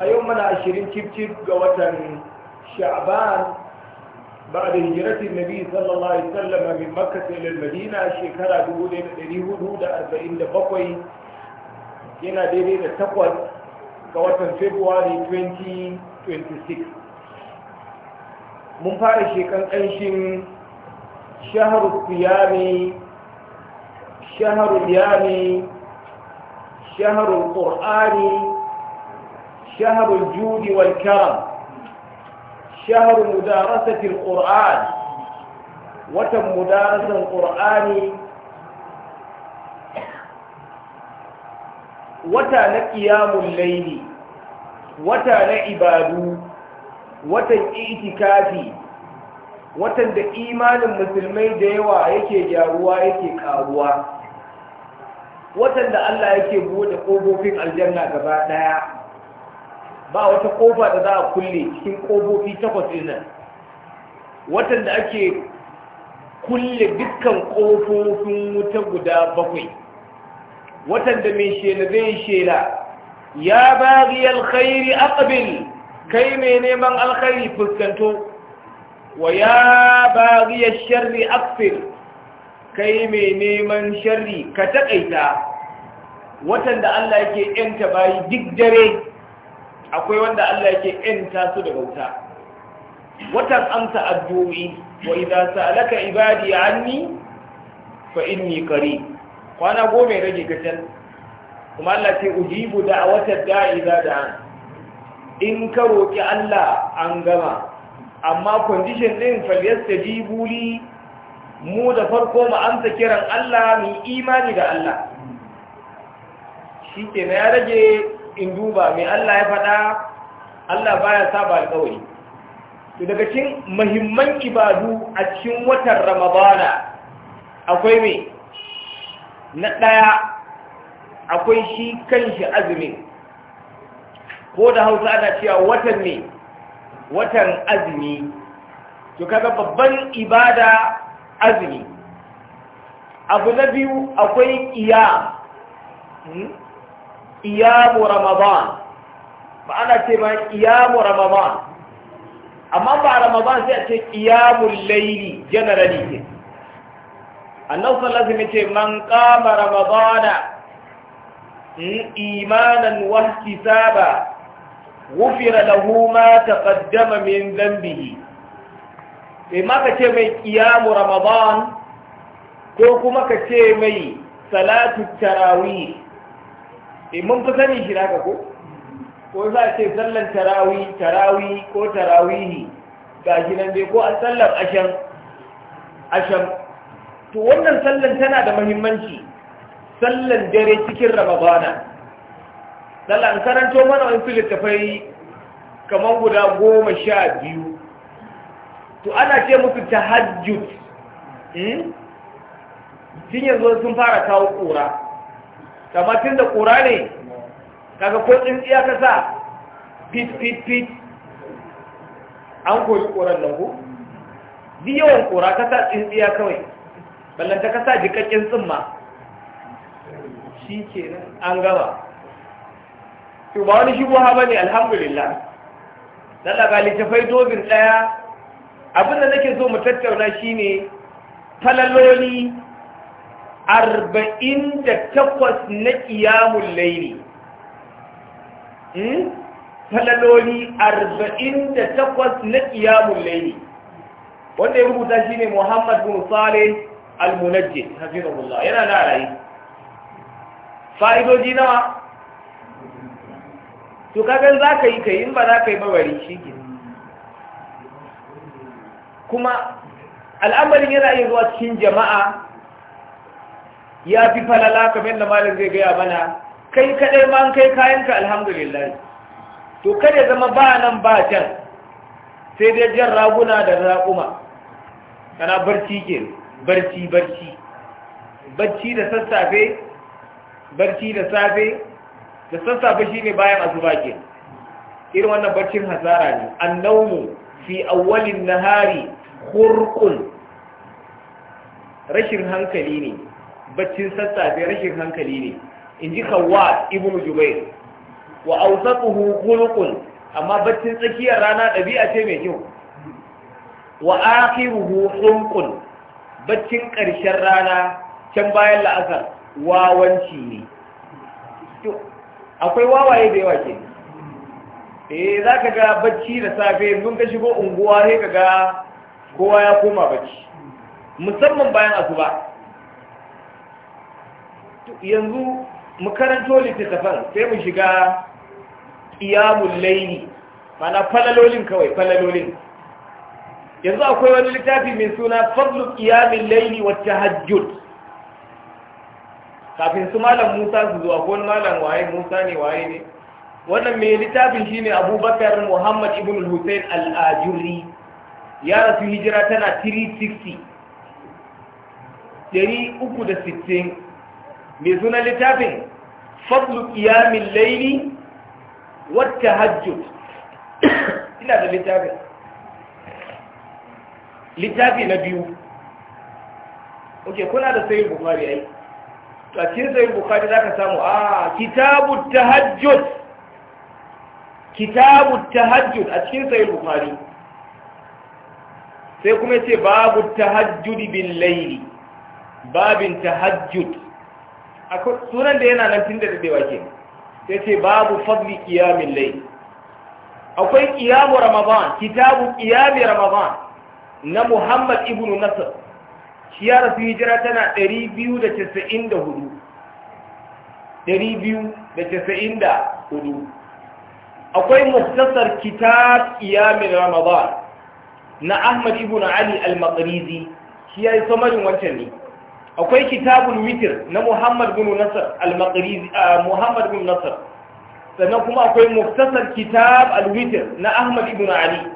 a yau mana ashirin cip cip ga watan Sha'aban, ba da na biyu sallallahu alaihi sallam a min makasai lalmadina shekara 1447 yana daidai da takwas ga watan februari 2026 mun fara shekan ƙanshin shaharul yami shaharul qur'ani شهر الجود والكرم شهر مدارسة القرآن وتم مدارسة القرآن wata na ƙiyamun laili wata watan itikafi watan da imanin musulmai da yawa yake gyaruwa yake ƙaruwa, watan da Allah yake buɗe ƙofofin aljanna gaba ɗaya ba wata kofa da za a kulle cikin kofofi takwas din nan watan da ake kulle dukkan kofofin wuta guda bakwai watan da mai shela zai shela ya bari alkhairi aqbil kai mai neman alkhairi fuskanto wa ya bari sharri aqfir kai mai neman sharri ka takaita watan da Allah yake yanta bayi duk dare akwai wanda Allah yake ƴanta su da bauta. watan amsa addu'i wa idza sa'alaka ibadi anni fa inni qarib kwana goma rage gatan kuma Allah ce ujibu da'watad da'i da da'an in ka roki Allah an gama amma condition din falyastajibu li mu da farko mu amsa kiran Allah mu imani da Allah Shi shikenan ya rage in duba mai Allah ya faɗa Allah baya saba alƙawari to daga cikin muhimman ibadu a cikin watan Ramadana akwai me na ɗaya akwai shi kanshi azumin ko da Hausa ana cewa watan ne watan azumi to kaga babban ibada azumi abu na biyu akwai iya hmm? qiyamu ramadan ba ana ce ma qiyamu ramadan amma ba ramadan sai a ce qiyamul layli generally ke annabi sallallahu ce man kama ramadana hmm, imanan wa ihtisaba wufira lahu ma taqaddama min zambihi sai maka ce mai qiyamu ramadan ko kuma ka ce mai salatu tarawih eh mun fi sanin shi naka ko ko za a ce sallan tarawi tarawi ko tarawihi ga shi nan dai ko a sallar ashan ashan to wannan sallan tana da muhimmanci sallan dare cikin ramadana sallan karanto mana wani filin tafai kamar guda goma sha biyu to ana ce musu tahajjud hmm? tun yanzu sun fara kawo kura kamar tun da ƙura ne kaga ko tsintsiya ka sa fit fit fit an koyi ƙoran nan ku yawan ƙura ka sa tsintsiya kawai ballanta ka sa jikakken tsimma shi ke nan an gama to ba wani shubuha ha ne alhamdulillah dan daga littafai dozin ɗaya abinda nake so mu tattauna shine falaloli arba'in da takwas na ƙiyamun laili hmm? falaloli arba'in da takwas na ƙiyamun laini. wanda ya rubuta shi ne muhammad bin saleh al-munajjid hafizahullah yana da rayu fa'idoji nawa to kagan za ka yi kai in ba za ka yi bawari shi ke kuma al'amarin yana yin zuwa cikin jama'a ya fi falala kamar da malam zai gaya mana kai kaɗai ma kai kayanka alhamdulillah to kada zama ba nan ba can sai dai jan raguna da raƙuma kana barci ke barci barci barci da sassafe barci da safe da sassafe shine bayan azuba ke irin wannan barcin hasara ne annawmu fi awwalin nahari khurqun rashin hankali ne baccin sassafe rashin hankali ne in ji kawwa ibn jubair wa awsatuhu khuluqun amma baccin tsakiyar rana ɗabi'a ce mai kyau wa akhiruhu hulqun baccin ƙarshen rana can bayan la'asar wawanci ne akwai wawaye da yawa ke eh za ka ga bacci da safe mun ka shigo unguwa sai ka ga kowa ya koma bacci musamman bayan asuba yanzu mu karanto littattafan sai mu shiga iyamun laini mana falalolin kawai falalolin yanzu akwai wani littafi mai suna fadlu iyamun laini wacce hajjud kafin su malam musa su zuwa ko malam waye musa ne waye ne wannan mai littafin shine abubakar muhammad ibn hussein al'ajuri ya rasu hijira tana 360 360 mai sunan littafin fadlu qiyamil layli wat hajjut. ina da littafin littafi na biyu oke kuna da sayin bukari ai to a cikin sayin bukari za ka samu a ah, kitabu tahajjud kitabu hajjut a cikin sayin bukari sai kuma ce babu ta hajjudi bin laili babin ta hajjut. sunan da yana nan tun da dadewa ke sai ce babu fadli qiyamin lai. akwai qiyamu ramadan kitabu qiyami ramadan na Muhammad ibn Nasr shi ya rasu hijira tana 294 294 akwai muftasar kitab ƙiyamin ramadan na Ahmad ibn Ali al-Maqrizi shi ya yi samarin wancan ne akwai kitabun mitir na muhammad bin nasar al-maqrizi ah, muhammad bin nasar sannan kuma akwai muftasar kitab al-witir na ahmad ibn ali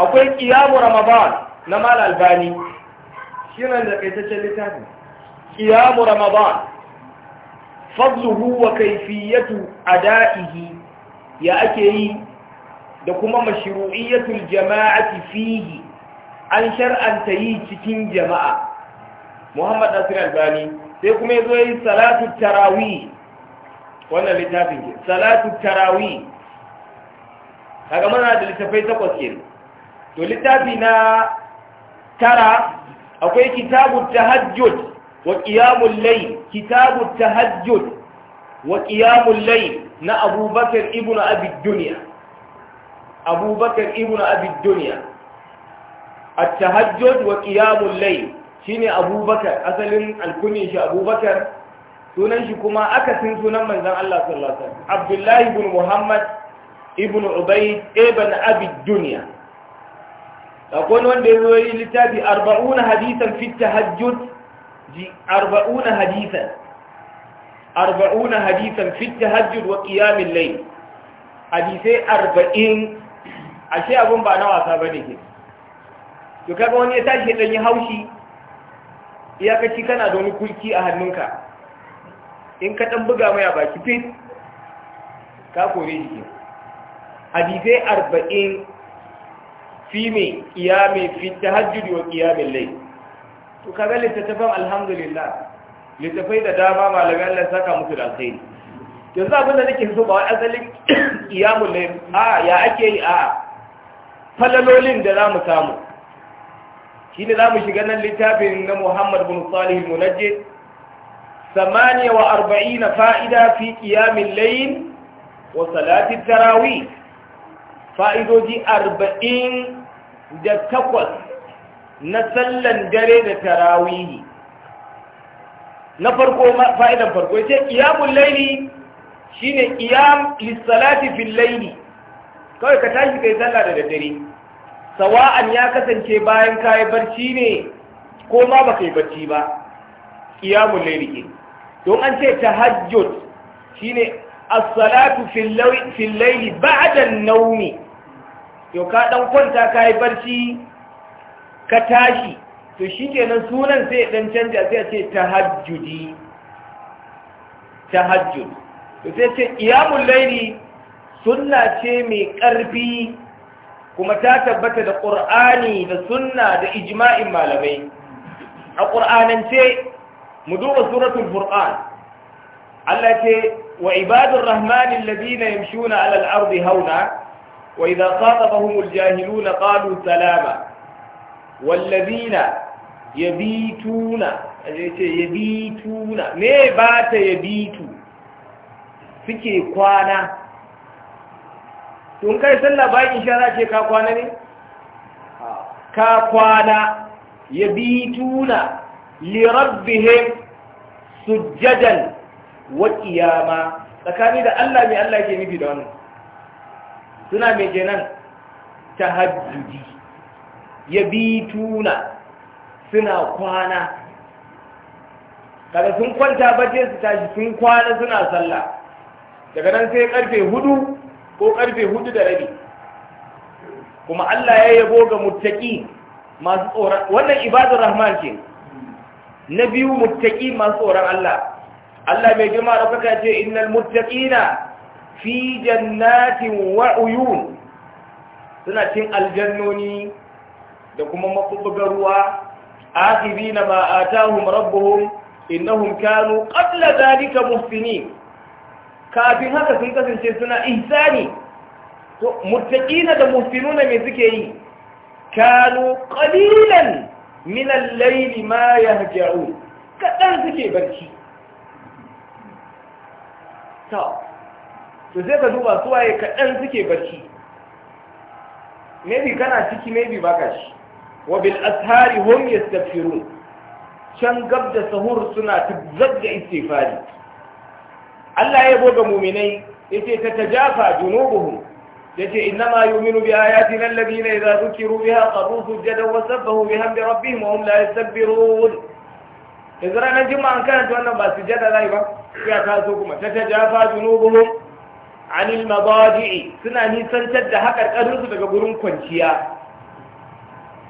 akwai qiyamu ramadan na mal albani shi nan da kaitaccen littafin qiyamu ramadan fadluhu wa kayfiyatu ada'ihi ya ake yi da kuma mashru'iyatul jama'ati fihi an shar'anta yi cikin jama'a muhammad nasir albani sai kuma ya zo yi salatu tarawi wannan littafin ke salatu tarawi kaga mana da littafai takwas ke to littafi na tara akwai kitabu tahajjud wa qiyamul layl kitabu tahajjud wa qiyamul layl na abubakar Ibn abi dunya abubakar abi dunya at-tahajjud wa qiyamul layl shine abubakar asalin alkunin shi abubakar sunan shi kuma akasin sunan manzon Allah sallallahu alaihi wasallam abdullahi ibn muhammad ibn ubayd ibn abi dunya akwai wanda ya zo yi littafi 40 hadisan fi tahajjud ji 40 hadisan 40 hadisan fi tahajjud wa qiyam al-layl hadisai 40 ashe abun ba na wasa bane ke to kaga wani ya tashi dan yi haushi iyakaci kana da wani kulki a hannunka in ka ɗan buga mai a baki fit ka kore jiki hadisai arba'in fi mai mai fi ta hajjudi wa mai lai to kaga littattafan alhamdulillah littattafai da dama malamai Allah saka musu da alkhairi yanzu abin da nake so ba wani asalin mai lai a ya ake yi a falalolin da za mu samu ne za mu shiga nan littafin na muhammad bin salih munajjid samaniya wa arba'ina fa'ida fi qiyamin layl wa salati tarawi fa'idoji arba'in da takwas na sallan dare da tarawi na farko fa'idan farko ya ce ƙiyamun laili shi ne ƙiyam lissalati fil laili kawai ka tashi kai sallah da daddare sawa'an ya kasance bayan kayi barci ne ko ma baka yi barci ba qiyamul layli don an ce tahajjud shine as-salatu fil layli ba'da an-nawmi to ka dan kwanta kayi barci ka tashi to shikenan sunan sai dan canja sai ce tahajjudi tahajjud to sai ce qiyamul layli sunna ce mai karfi kuma ta tabbata da ƙur'ani da sunna da ijma'in malamai a ƙur'anance mu duba suratul furqan Allah ce wa ibadur rahmani alladhina yamshuna 'ala al-ardi hauna wa idha khatabahumul jahiluna qalu salama walladhina yabituna yace yabituna me ba ta yabitu suke kwana tun kai salla ba in za ce ka kwana ne ka kwana ya bi tuna lirabbihim sujjadan wa qiyama tsakani da Allah mai Allah ke nufi da wannan suna mai kenan tahajjudi ya bi tuna suna kwana kada sun kwanta bace su tashi sun kwana suna sallah daga nan sai karfe hudu ko karfe hudu da rabi kuma Allah ya yabo ga muttaki masu tsoron wannan ibadar rahman ce na biyu muttaki masu tsoron Allah Allah mai girma da kuka ce innal muttaqina fi jannatin wa uyun suna cin aljannoni da kuma makubugar ruwa na ma atahum rabbuhum innahum kanu qabla dhalika muhsinin kafin haka sun kasance suna ihsani to muttaqina da muhsinuna me suke yi kanu qalilan min al-layli ma yahja'un kadan suke barci to to sai ka duba su waye kadan suke barci maybe kana ciki maybe baka shi wa bil ashari hum yastaghfirun can gab da sahur suna tazzagga istighfari Allah ya yabo ga mu'minai yace ta tajafa junubuhum yace innama yu'minu bi ayatina alladhina idza dhukiru biha qarru sujadan wa sabbahu bihamdi rabbihim wa hum la yastakbirun yanzu ranar juma'a an karanta wannan ba su jada zai ba ya taso kuma ta tajafa junubuhum anil mabadi'i suna nisantar da haƙarƙarinsu daga gurin kwanciya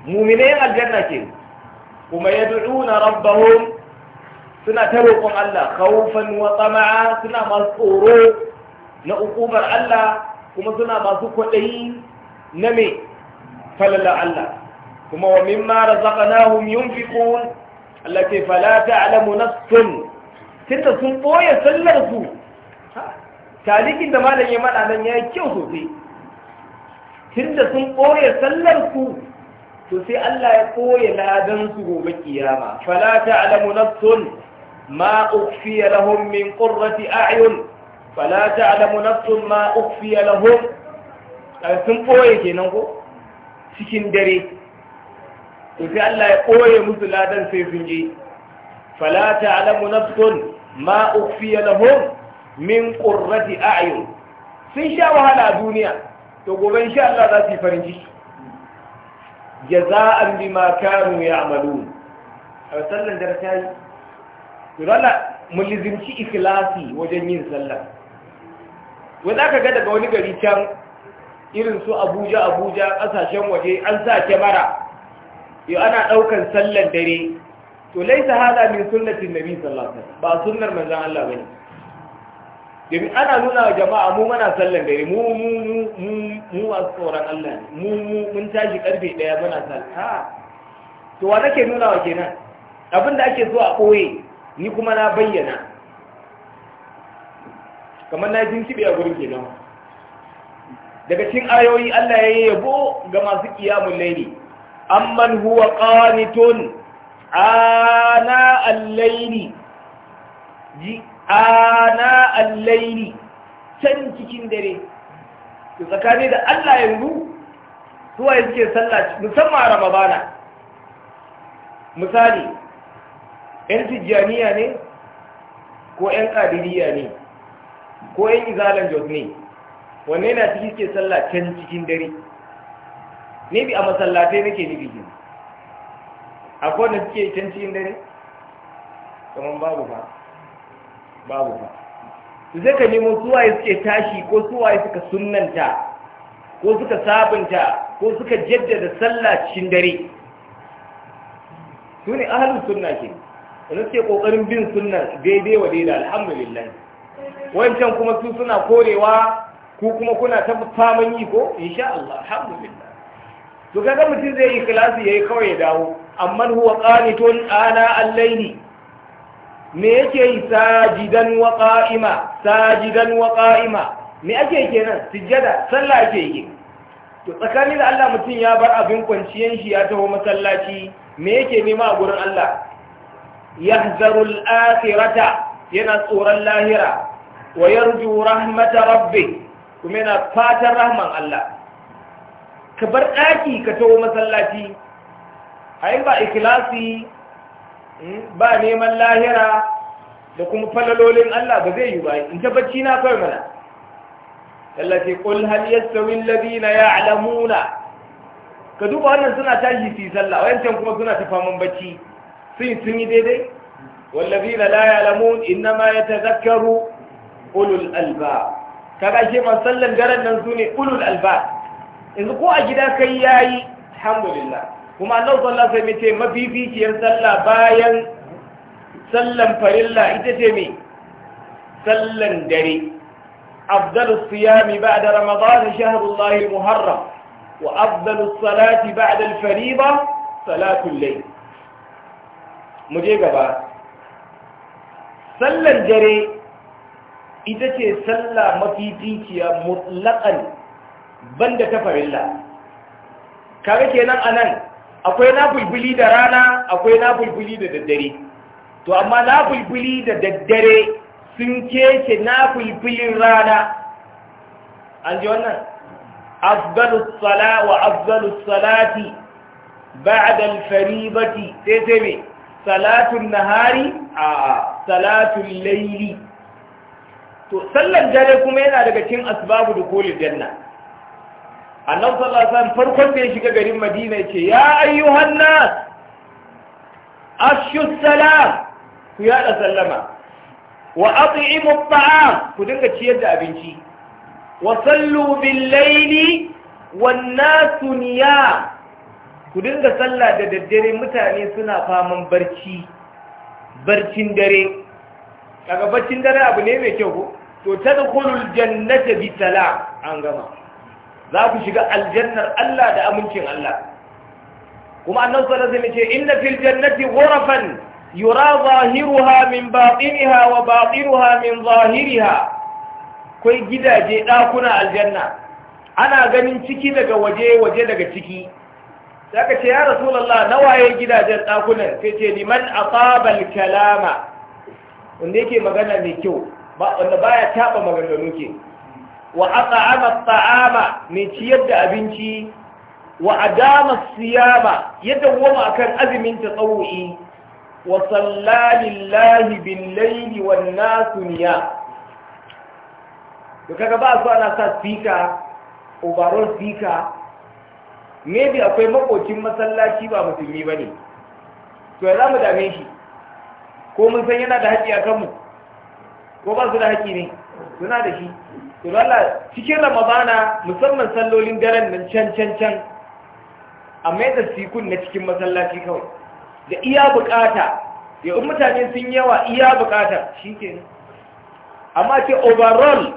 muminai aljanna ke kuma ya du'una rabbahum suna ta roƙon Allah khawfan wa tama'a suna masu tsoro na ukubar Allah kuma suna masu kwaɗayi na me falala Allah kuma wa mimma razaqnahum yunfiqun Allah ce fala ta'lamu nafsun tunda sun boye sallar su talikin da malam ya mana nan yayi kyau sosai tunda sun boye sallar su to sai Allah ya koye ladan su gobe kiyama fala ta'lamu nafsun ما أخفي لهم من قرة أعين فلا تعلم نفس ما أخفي لهم sun ɓoye kenan ko cikin dare to sai Allah ya ɓoye musu ladan sai sun je fala ta'lamu nafsun ma ukhfiya lahum min qurrati a'yun sun sha wahala a duniya to gobe insha Allah za su yi farin ciki dole mu lizimci ikhlasi wajen yin sallah wai za ka ga daga wani gari can irin su abuja abuja ƙasashen waje an sa kyamara yi ana daukan sallar dare to laisa hada min sunnatin nabi sallallahu alaihi wasallam ba sunnar manzon Allah bane domin ana nuna wa jama'a mu muna sallar dare mu mu mu mu mu tsoron Allah ne mu mu mun tashi karfe daya muna sallah to wa nake nuna wa kenan abin da ake so a koye ni kuma na bayyana kamar na jin kibiya a gurin kenan daga cikin ayoyi Allah ya yi yabo ga masu kiyamun laili amman huwa qanitun ana al-laili ji ana al-laili can cikin dare to tsakani da Allah yanzu suwa yake sallah musamman ramadana misali 'yan tijjaniya ne ko 'yan ƙadiriya ne ko 'yan izalan jos ne wanne na ciki ke sallah can cikin dare ne bi a masallatai nake nufi gini akwai wanda suke can cikin dare kamar babu ba babu ba su zai ka nemo suwaye suke tashi ko suwaye suka sunanta ko suka sabunta ko suka jaddada sallah cikin dare su ne ahalin sunna ke wanda suke kokarin bin sunna daidai wa daidai alhamdulillah wancan kuma su suna korewa ku kuma kuna ta faman yi ko insha Allah alhamdulillah to kaga mutum zai yi ya yayi kawai ya dawo amma huwa qanitun ana al-layli me yake yi sajidan wa qa'ima sajidan wa qa'ima me ake kenan sujjada sallah ake yi to tsakanin da Allah mutum ya bar abin kwanciyan shi ya taho masallaci me yake nema a gurin Allah يهذر الآخرة ينا صورا لاهرة ويرجو رحمة ربه ومن فاتر رحمة الله كبر آتي كتو مسلاتي أي با إخلاصي با نيم اللاهرة لكم فللولين الله بزي يباي انت بتشينا فرمنا التي قل هل يستوي الذين يعلمون ka duba wannan suna tashi su yi sallah wayancan kuma suna ta faman bacci sun sun yi daidai wallafi na la ya'lamun innama yatazakkaru ulul alba kaga shi ma sallan daren nan su ne ulul alba yanzu ko a gida kai yayi alhamdulillah kuma Allah sallallahu alaihi wasallam ce mafificiyar sallah bayan sallan farilla ita ce me sallan dare أفضل الصيام بعد رمضان شهر الله المحرم وأفضل الصلاة بعد الفريضة صلاة الليل mu je gaba sallan dare ita ce salla mafi mafificiya mutlaƙan banda ta farilla kaga kenan anan akwai bulbuli da rana akwai bulbuli da daddare to amma bulbuli da daddare sun keke bulbulin rana an ji wannan afdalus sala wa afdalus salati ba'da al-faribati sai sai mai salatun nahari a salatun laili to sallar dare kuma yana daga cikin asbabu da kolin janna annabi sallallahu alaihi wasallam farkon da ya shiga garin madina ce ya ayyuhan nas ashu salam ku yada sallama wa at'imu at'am ku dinga ciyar da abinci wa sallu bil laili wan nasu niyam ku dinga sallah da daddare mutane suna faman barci barcin dare kaga barcin dare abu ne mai kyau ko to tadkhulul jannata bi salam an gama za ku shiga aljannar Allah da amincin Allah kuma annabi sallallahu ce inna fil jannati ghurafan yura zahiruha min batiniha wa batinuha min zahiriha kai gidaje dakuna aljanna ana ganin ciki daga waje waje daga ciki sai aka ce ya rasulullah nawaye gidajen ɗakunan sai ce liman asabal kalama wanda yake magana mai kyau wanda baya taɓa magana ke wa at'ama ta'ama mai ciyar da abinci wa adama siyama yadda wama akan azumin tsawo'i. wa sallallahi bil layli wan nasu to kaga ba su ana sa speaker overall speaker maybe akwai makocin masallaci ba musulmi ba ne to ya za mu dame shi ko mun san yana da haƙƙi a kanmu ko ba su da haƙƙi ne suna da shi to lalla cikin ramadana musamman sallolin daren nan can can can a mai da sikun na cikin masallaci kawai da iya bukata ya yi mutane sun yawa iya bukata shi ke amma ce overall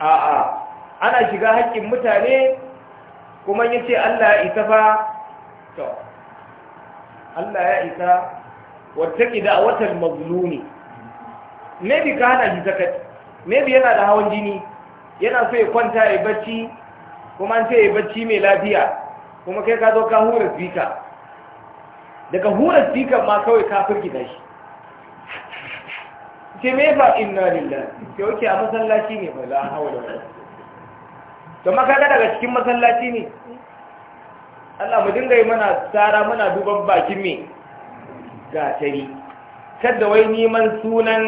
a a ana shiga haƙƙin mutane kuma ya ce Allah ya isa fa to Allah ya isa wattaki da watan mazlumi maybe ka hana shi sakat maybe yana da hawan jini yana so ya kwanta ya bacci kuma an ce ya bacci mai lafiya kuma kai ka zo ka hura sika daga hura sikan ma kawai ka firgita shi ce me fa inna lillahi ke wuce a masallaci ne ba la hawla wala don makaga daga cikin masallaci ne Allah mu dinga yi mana tsara muna duban bakin me gatari kada wai neman sunan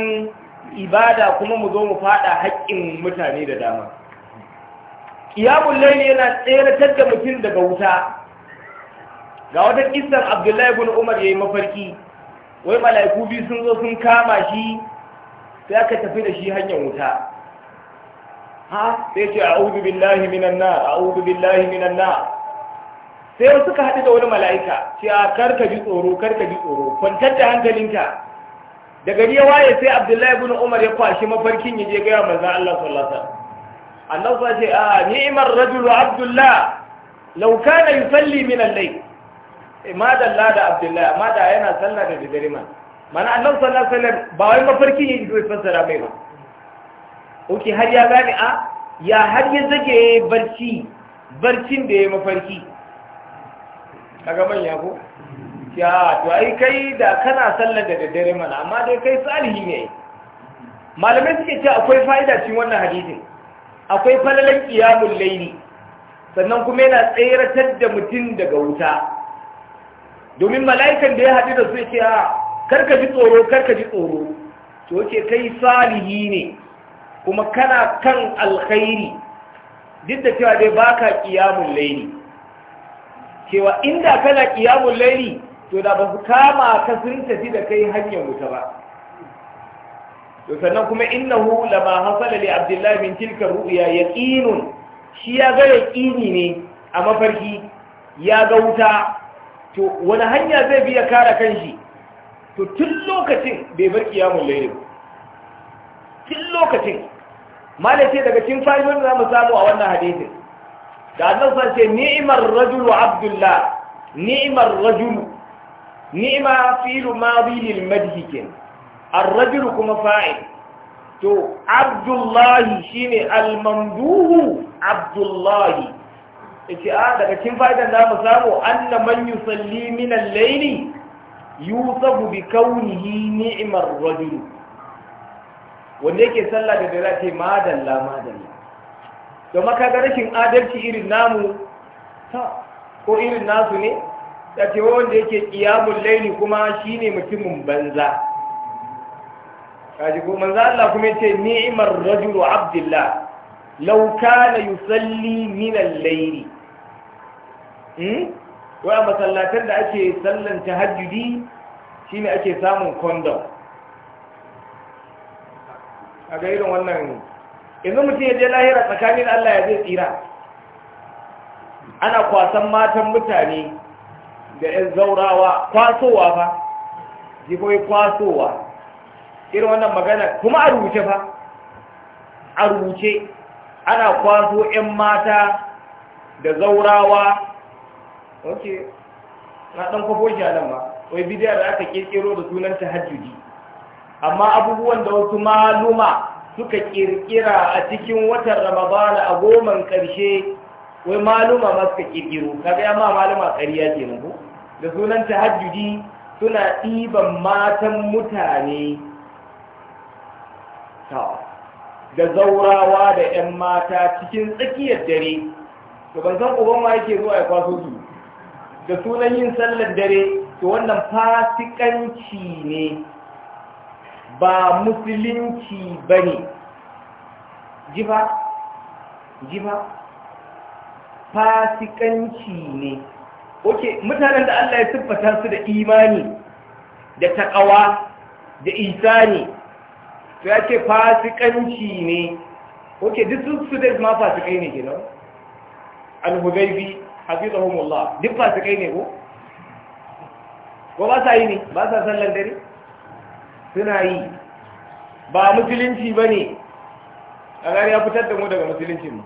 ibada kuma mu zo mu fada haƙƙin mutane da dama qiyamul layli yana tsere da mutum daga wuta ga wata kissan Abdullahi ibn Umar yayi mafarki wai mala'iku biyu sun zo sun kama shi sai aka tafi da shi hanyar wuta ha sai ce a'udhu billahi minan nar a'udhu billahi minan nar sai suka haɗu da wani mala'ika ce a karka ji tsoro karka ji tsoro kwantar da hankalinka da gari ya waye sai abdullahi ibn umar ya kwashi mafarkin ya je gaya manzon Allah sallallahu alaihi wasallam Allah sa ce a ni'mar rajulu abdullah law kana yusalli min al-layl eh, ma dalla da abdullahi ma da yana sallah da dare man mana Allah sallallahu alaihi wasallam ba wai mafarkin ya zo fassara mai ba oke har ya gane a ya har ya zage barci barcin da ya mafarki kaga manya ko ya to ai kai da kana sallar da daddare mana amma dai kai salihi ne malamai suke ce akwai fa'ida cikin wannan hadisin akwai falalan qiyamul layli sannan kuma yana tsayratar da mutum daga wuta domin mala'ikan da ya haɗu da su ya ce a ah, karka ji tsoro karka ji tsoro to ce kai salihi ne kuma kana kan alkhairi duk da cewa dai ba ka ƙiyamun laini. cewa inda kana ƙiyamun laini, to da ba su kama ka sun tafi da kai hanyar wuta ba to sannan kuma innahu lama hasala li abdullahi min tilka ru'ya yaqinun shi ya ga yaqini ne a mafarki ya ga wuta to wani hanya zai biya kare kanshi to tun lokacin bai bar kiyamun laili tun lokacin ce daga cikin fa'idodin da zamu samu a wannan hadisin da annabi san ce ni'mar rajulu abdullah ni'mar rajulu ni'ma fi'lu madi lil madhi kin ar-rajulu kuma fa'il to abdullah shine al-mamduhu abdullah ce a ah, daga cikin fa'idan da mu samu anna man yusalli min al-layli yusabu bi kaunihi ni'mar rajulu wanda yake sallah da dare ce madalla madalla to maka ga rashin adalci irin namu ta ko irin nasu ne da ce wanda yake qiyamul lairi kuma shine mutumin banza kaji ko manzo Allah kuma yace ni'mar rajulu abdullah law kana yusalli min al-layli hmm wa masallatan da ake sallan tahajjudi shine ake samun condom A ga irin wannan yanzu mutum ya je lahira tsakanin Allah ya zai tsira ana kwasan matan mutane da ‘yan zaurawa kwasowa fa jifoi kwasowa irin wannan magana kuma a rubuce fa a rubuce ana kwaso ‘yan mata da zaurawa ok na ɗan kwafo shi a nan ba wai bidiyar da aka ƙirƙiro da sunan tahajjudi amma abubuwan da wasu maluma suka kirkira a cikin watan ramadana a goman karshe wai maluma ma suka kirkiro kaga ya ma maluma ƙarya ke ko da sunan tahajjudi suna ɗiban matan mutane da zaurawa da 'yan mata cikin tsakiyar dare to ban san uban ma yake zuwa ya kwaso su da sunan yin sallar dare to wannan fasikanci ne ba musulunci ba ne jifa jifa fasikanci ne oke mutanen da Allah ya siffata su da imani da taƙawa da isani to ya ce fasikanci ne oke duk su da ma fasikai ne kenan al-hudaybi hafizahumullah duk fasikai ne ko ko ba sa yi ne ba sa sallar dare suna yi ba musulunci ba ne a gani ya fitar da mu daga musulunci mu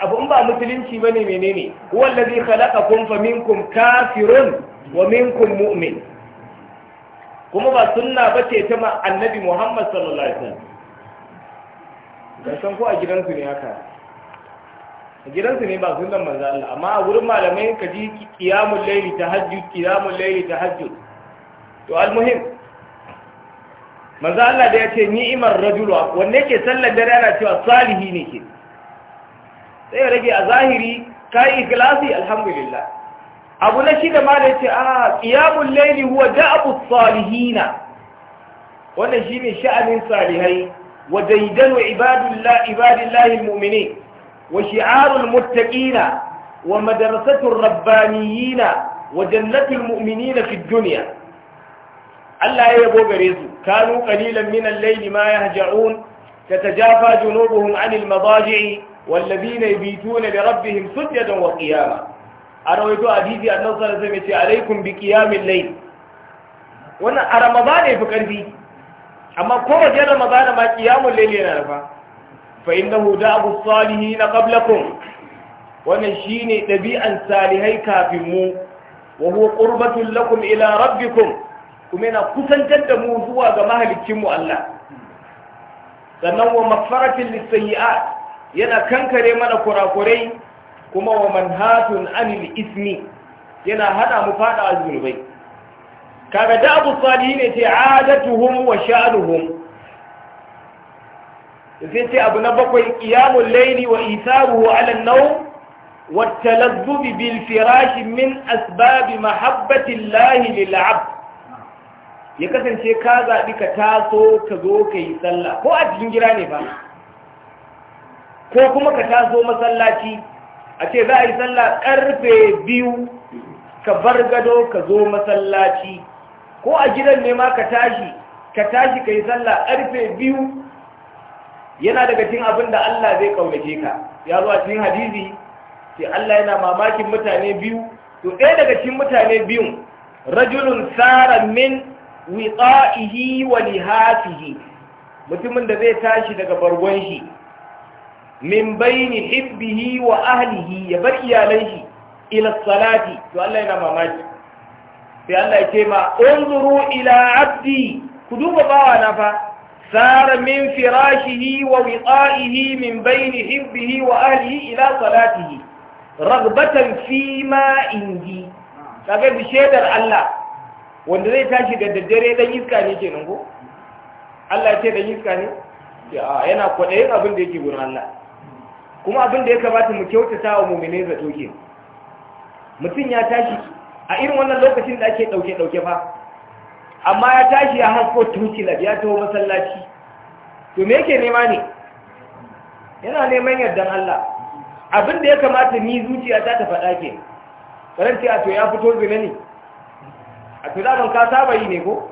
abun ba musulunci ba ne menene zai khalaqakum fa minkum kafirun wa minkum mu'min kuma ba sunna ba ce ta annabi Muhammad sallallahu alaihi wasallam san ko a gidansu ne haka a gidansu ne ba sunnan manzo Allah amma a wurin malamai ka ji qiyamul layli tahajjud qiyamul layli tahajjud to almuhim manzo Allah da yace ni'imar rajulu wanne yake sallar dare yana cewa salihi ne ke sai rage a zahiri kai ikhlasi alhamdulillah abu na shida ma da yace a qiyamul layli huwa da'abu salihina wannan shine sha'anin salihai wa daidanu ibadillah ibadillahi almu'minin wa shi'arul muttaqina wa madrasatu rabbaniyina wa jannatul mu'minina fid dunya Allah ya yabo gare su kanu qalilan min al-layli ma yahja'un tatajafa junubuhum an al yace alaikum bi qiyam al-layl wannan a ramadan yafi karfi amma ko shine dabi'an salihai kafin mu wa huwa lakum ila rabbikum kuma yana kusantar da mu zuwa ga mahalicinmu Allah sannan wa mafaratin lissayi'at yana kankare mana kurakurai kuma wa manhatun anil ismi yana hana mu fada a zunubai kaga da abu salihi ne ce adatuhum wa sha'aduhum sai ce abu na bakwai qiyamul layli wa isaruhu ala an-nawm wa at bil firashi min asbab mahabbati Allah lil 'abd ya kasance ka zaɓi ka taso ka zo ka yi sallah ko a cikin gida ne ba ko kuma ka taso masallaci a ce za a yi sallah ƙarfe biyu ka bar gado ka zo masallaci ko a gidan ne ma ka tashi ka tashi ka yi sallah ƙarfe biyu yana daga cin abin da Allah zai ƙaunace ka ya zuwa cikin hadizi sai Allah yana mamakin mutane biyu to ɗaya daga cikin mutane biyun rajulun tsara min witsa'ihi wa lihafihi mutumin da zai tashi daga bargon shi min baini hibbihi wa ahlihi ya bar iyalan shi ila salati to Allah yana mamaki sai Allah ya ce ma unzuru ila abdi ku duba bawa na fa sar min firashihi wa wiqa'ihi min baini hibbihi wa ahlihi ila salatihi ragbatan fi ma indi kage bi shedar Allah wanda zai tashi da daddare dan iska ne kenan ko Allah ce dan iska ne ya yana kwaɗayin abin da yake gurin Allah kuma abin da ya kamata mu kyautata wa mu'mine zato ke mutum ya tashi a irin wannan lokacin da ake ɗauke ɗauke fa amma ya tashi ya hanko tukila ya taho masallaci to me yake nema ne yana neman yardan Allah abin da ya kamata ni zuciya ta ta faɗa ke karanta to ya fito zina ne a to ka saba yi ne ko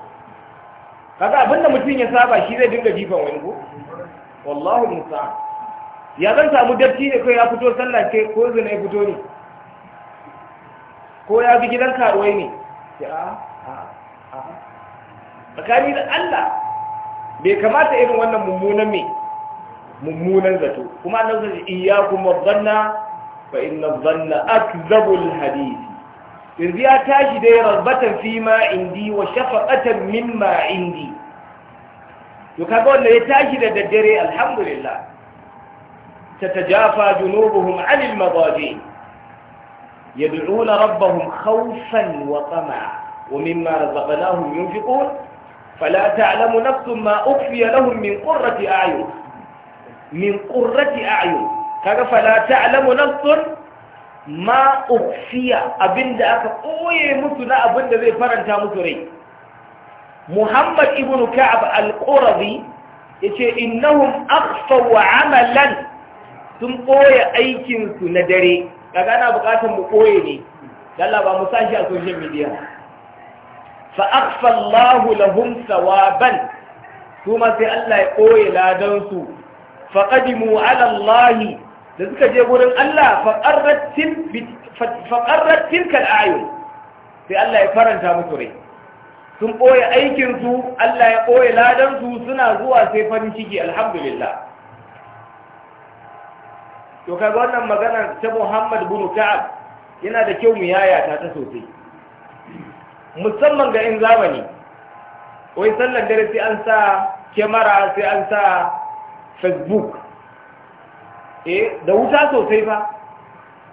kaga abinda mutum ya saba shi zai dinga jifan wani ko wallahu musa ya zan samu dabci ne ko ya fito sallah ke ko zina ya fito ne ko ya fi gidan karuwai ne a, a, tsakani da Allah bai kamata irin wannan mummunan mai mummunan zato kuma zai ya kuma zanna fa inna zanna akzabul hadith yanzu ya tashi dai rabatan fi ma indi wa shafaqatan mimma indi to kaga wanda ya tashi da daddare alhamdulillah تتجافى جنوبهم عن المضاجع يدعون ربهم خوفا وطمعا ومما رزقناهم ينفقون فلا تعلم نفس ما أخفي لهم من قرة أعين من قرة أعين كذا فلا تعلم نفس ma uksiya abinda aka koye musu na abinda zai faranta musu rai muhammad ibn ka'ab al-qurazi yace innahum akhfaw amalan sun koye aikin su na dare kaga ana bukatar mu koye ne Allah ba mu sashi a social media fa akhfa Allah lahum thawaban kuma sai Allah ya koye ladan su faqadimu ala Allah da suka je gurin Allah faƙarrar tilkal ayo sai Allah ya faranta musu rai sun ɓoye aikinsu Allah ya ɓoye ladansu suna zuwa sai farin ciki alhamdulillah to kaga wannan magana ta Muhammad bin Ka'ab yana da kyau mu yayata ta sosai musamman ga 'yan zamani wai sallar dare sai an sa kyamara sai an sa facebook eh da wuta sosai fa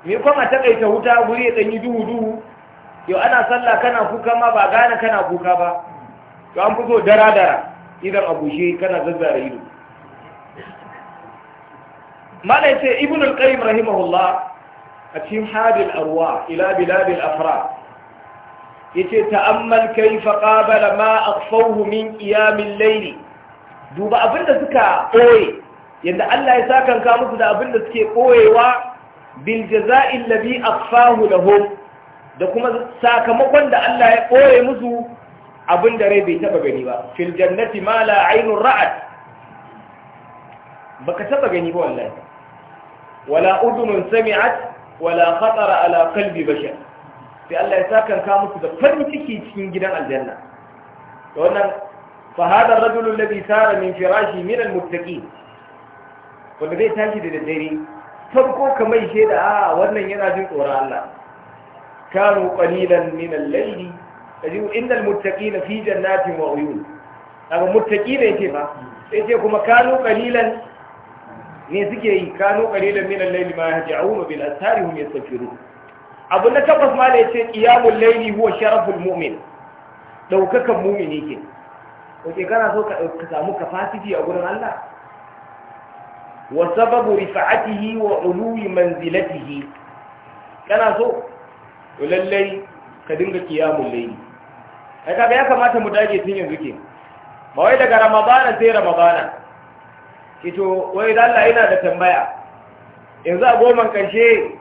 me kuma takaita wuta guri ya danyi duhu duhu yau ana sallah kana kuka ma ba gane kana kuka ba to an fito dara dara idan abushe kana zazzara ido mala yace ibn al-qayyim rahimahullah a cikin hadil arwa ila bilad al-afra yace ta'ammal kayfa qabala ma akhfawhu min qiyam al-layl duba abinda suka koye yadda Allah ya sakanka musu da abin da suke koyewa bil jaza'il ladhi akhfahu lahum da kuma sakamakon da Allah ya koye musu abin da rai bai taba gani ba fil jannati ma la aynun ra'at baka taba gani ba wallahi wala udunun sami'at wala khatara ala qalbi bashar sai Allah ya sakanka musu da farin ciki cikin gidan aljanna wannan fa hadha ar-rajulu alladhi sara min firashi min al-muttaqin wanda zai tashi da daddare farko kamar da a ah, wannan yana jin tsoron Allah kanu qalilan min al-layli ajin innal muttaqina fi jannatin wa uyun daga muttaqina yake fa ce kuma kanu qalilan ne suke yi kanu qalilan min al-layli ma yahja'un bil asari hum yastaghfirun abu na takwas ma da yace qiyamul layli huwa sharaful mu'min daukakan mu'mini ke wace kana so ka samu capacity a gurin Allah wa sababu rifa'atihi wa uluwi manzilatihi kana so to lallai ka dinga kiyamul layli kaga ya kamata mu dage tun yanzu ke ba wai daga ramadana sai ramadana ito wai dan Allah yana da tambaya yanzu a goman karshe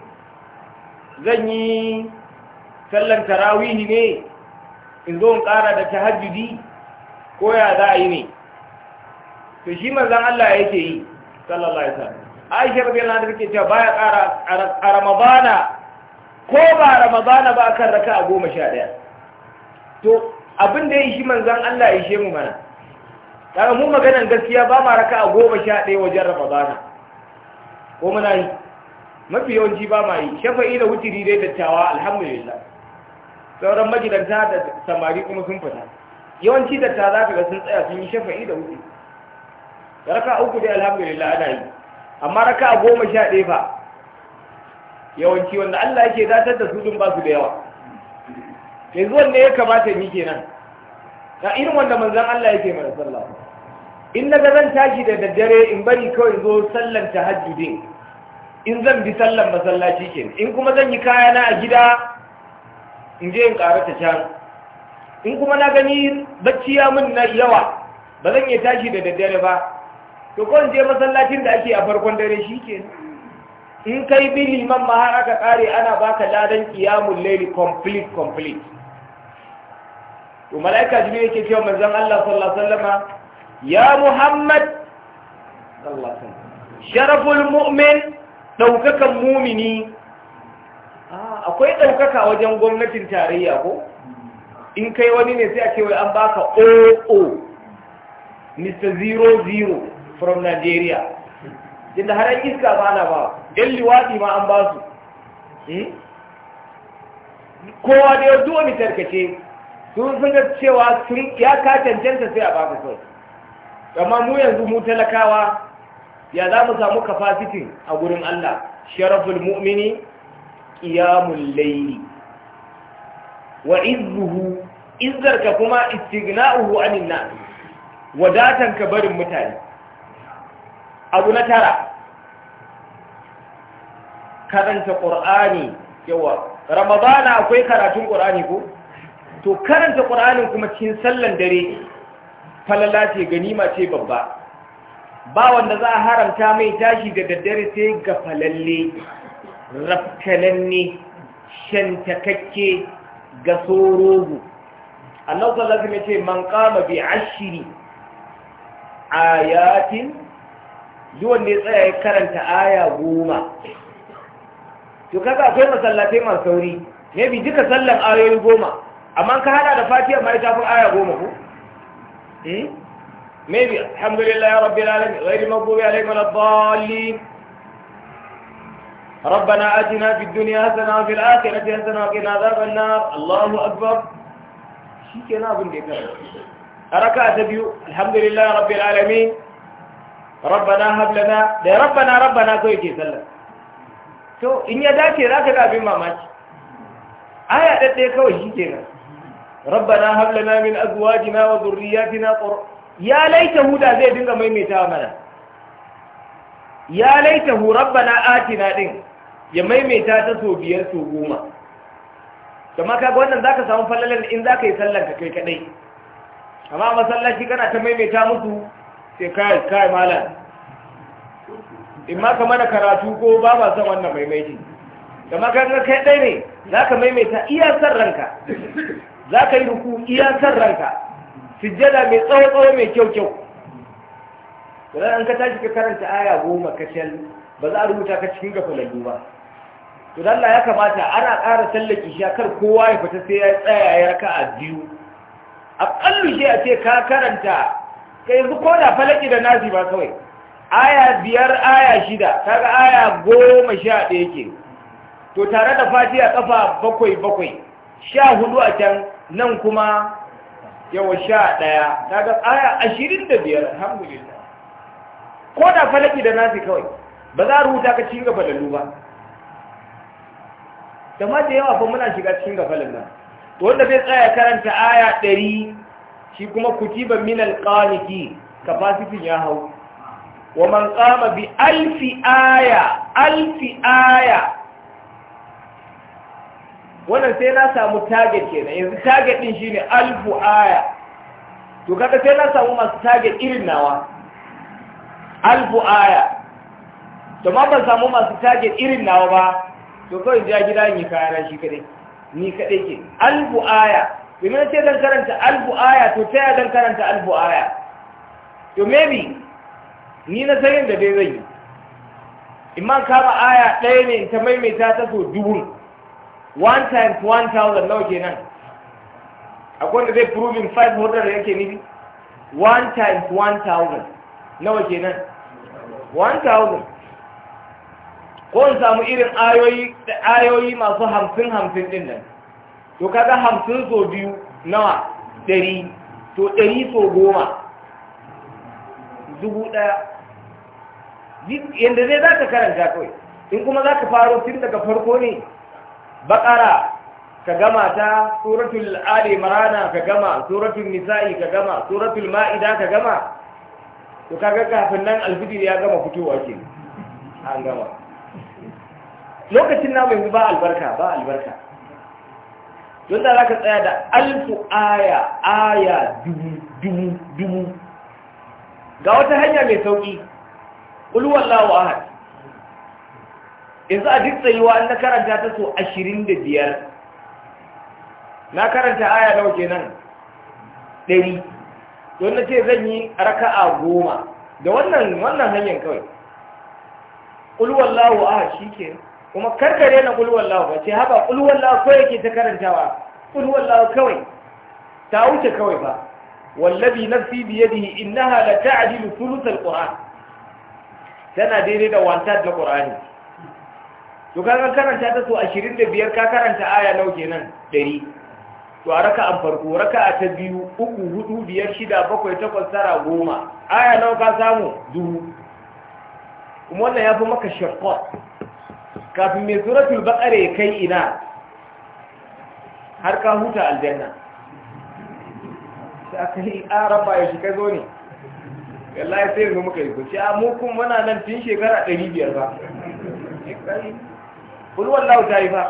zan yi sallan tarawihi ne in zo in ƙara da tahajjudi ko ya za yi ne to shi manzon Allah yake yi sallallahu alaihi wasallam Aisha radiyallahu anha take cewa baya kara a Ramadana ko ba Ramadana ba kan raka'a goma sha daya to abin da ya shi manzon Allah ya ishe mu mana kaga mu maganan gaskiya ba ma raka'a goma sha ɗaya wajen Ramadana ko muna yi mafi yawanci ba ma yi shafa'i da wuturi dai dattawa alhamdulillah sauran magidanta da samari kuma sun fita yawanci ta za ka ga sun tsaya sun yi shafa'i da wuturi raka uku dai alhamdulillah ana yi amma raka goma sha ɗaya fa yawanci wanda Allah yake datar da su din ba su da yawa yanzu wanda ya kamata ni kenan na irin wanda manzon Allah yake mana sallah in na zan tashi da daddare in bari kawai zo sallan tahajjudin in zan bi sallan masallaci ke? in kuma zan yi kaya na a gida in je in ƙara ta can in kuma na gani bacci ya mun na yawa ba zan iya tashi da daddare ba to ko je masallacin da ake a farkon dare shi ke in kai bi liman ma har aka kare ana baka ladan qiyamul laili complete complete to malaika jibril yake cewa manzon Allah sallallahu alaihi wasallama ya muhammad sallallahu alaihi wasallam sharaful mu'min daukakan mumini akwai ɗaukaka wajen gwamnatin tarayya ko in kai wani ne sai a ce wai an baka oo mr zero zero from Nigeria inda har iska ba ana ba ɗan liwaɗi ma an ba su hmm? kowa da yau duwani tarkace sun sun cewa ya ka sai a baka kawai amma mu yanzu mu talakawa ya za mu samu kafasitin a gurin Allah sharaful mu'mini qiyamul layli wa izzuhu izzarka kuma istighna'uhu anin nas wadatan ka barin mutane abu na tara karanta ƙur'ani yawa ramadana akwai karatun ƙur'ani ko to karanta ƙur'anin kuma cikin sallan dare falala ce ganima ce babba ba wanda za a haramta mai tashi da daddare sai ga falalle shan shantakakke ga sorobu annan sallallahu ce man kama bi ashiri ayatin duwan ne tsaya ya karanta aya goma to kaga akwai masallatai masu sauri maybe duka sallan ayoyi goma amma ka hada da fatiha mai tafin aya goma ko eh maybe alhamdulillahi rabbil alamin ghairi maghdubi alaihim waladdallin ربنا آتنا في الدنيا حسنة وفي الآخرة حسنة وقنا عذاب النار الله أكبر شيء كنا بندي ركعة الحمد لله رب العالمين rabbana hablana da rabbana rabbana kawai ke sallar to in ya dace za ka ga abin mamaki aya ɗaɗɗaya kawai shi ke nan rabbana hablana min azwajina wa zurriyatina qur ya laita huda zai dinga maimaitawa mana ya laita hu rabbana atina din ya maimaita ta so biyar so goma ka ga wannan zaka samu fallalar in zaka yi sallar ka kai kadai amma masallaci kana ta maimaita musu sai kai kai malam in ma ka mana karatu ko ba ba san wannan maimaitin kamar ka ga kai dai ne za maimaita iya san ranka za yi ruku iya san ranka sujjada mai tsawo tsawo mai kyau kyau idan an ka tashi ka karanta aya goma ka ba za a rubuta ka cikin gafalallu ba to Allah ya kamata ana ƙara sallar isha kar kowa ya fita sai ya tsaya ya raka'a a biyu a ƙallu shi a ce ka karanta kai yanzu ko da falaki da nasi ba kawai aya biyar aya shida kaga aya goma sha ɗaya ke to tare da a kafa bakwai bakwai sha hudu a can nan kuma yawa sha ɗaya kaga aya ashirin da biyar alhamdulillah ko da falaki da nasi kawai ba za a rubuta ka cikin gafalallu ba da ma da yawa fa muna shiga cikin gafalan nan to wanda zai tsaya karanta aya ɗari shi kuma kutiba min alqaniki capacity ya hau wa man qama bi alfi aya alfi aya wannan sai na samu target kenan yanzu target din shine alfu aya to kaga sai na samu masu target irin nawa alfu aya to ma ban samu masu target irin nawa ba to kawai ja gida yi kayana shi kadai ni kadai ke alfu aya domin ce zan karanta albu aya to ta zan karanta albu aya to maybe ni na sanin da dai zai yi imman kama aya ɗaya ne ta maimaita ta so dubu one times one thousand nawa kenan akwai wanda zai proving five hundred yake nufi one times one thousand nawa kenan one thousand ko in samu irin ayoyi masu hamsin hamsin ɗin nan to ga hamsin so biyu nawa ɗari to ɗari so goma dubu ɗaya yadda zai za ka karanta kawai in kuma za ka faro tun daga farko ne baƙara ka gama ta suratul ali marana ka gama suratul nisa'i ka gama suratul ma'ida ka gama to kaga kafin nan alfijir ya gama fitowa ke an gama lokacin na mai ba albarka ba albarka don da za ka tsaya da alfu aya aya dubu dubu dubu ga wata hanya mai sauƙi ƙulwallahu ahad yanzu a duk tsayuwa an na karanta ta so ashirin da biyar na karanta aya nawa nan. ɗari don na ce zan yi raka'a goma da wannan wannan hanyar kawai ƙulwallahu ahad shi kenan kuma karkare na kulwallahu ba ce haba kulwallahu kawai yake ta karantawa kulwallahu kawai ta wuce kawai ba wallabi nafsi inna innaha la ta'dilu thuluth alquran tana daidai da wanta da qur'ani to kaga karanta ta so 25 ka karanta aya nawa kenan 100 to a raka'an farko a ta biyu uku hudu biyar shida bakwai takwas tara goma aya nawa ka samu duhu kuma wannan ya fi maka shaqqat kafin mai suratul baqara ya kai ina har ka huta aljanna sai aka yi araba ah, ya shi kai zo ne wallahi sai yanzu muka yi ku ci a ah, mu kun muna nan tun shekara 500 ba kul wallahu ta yi fa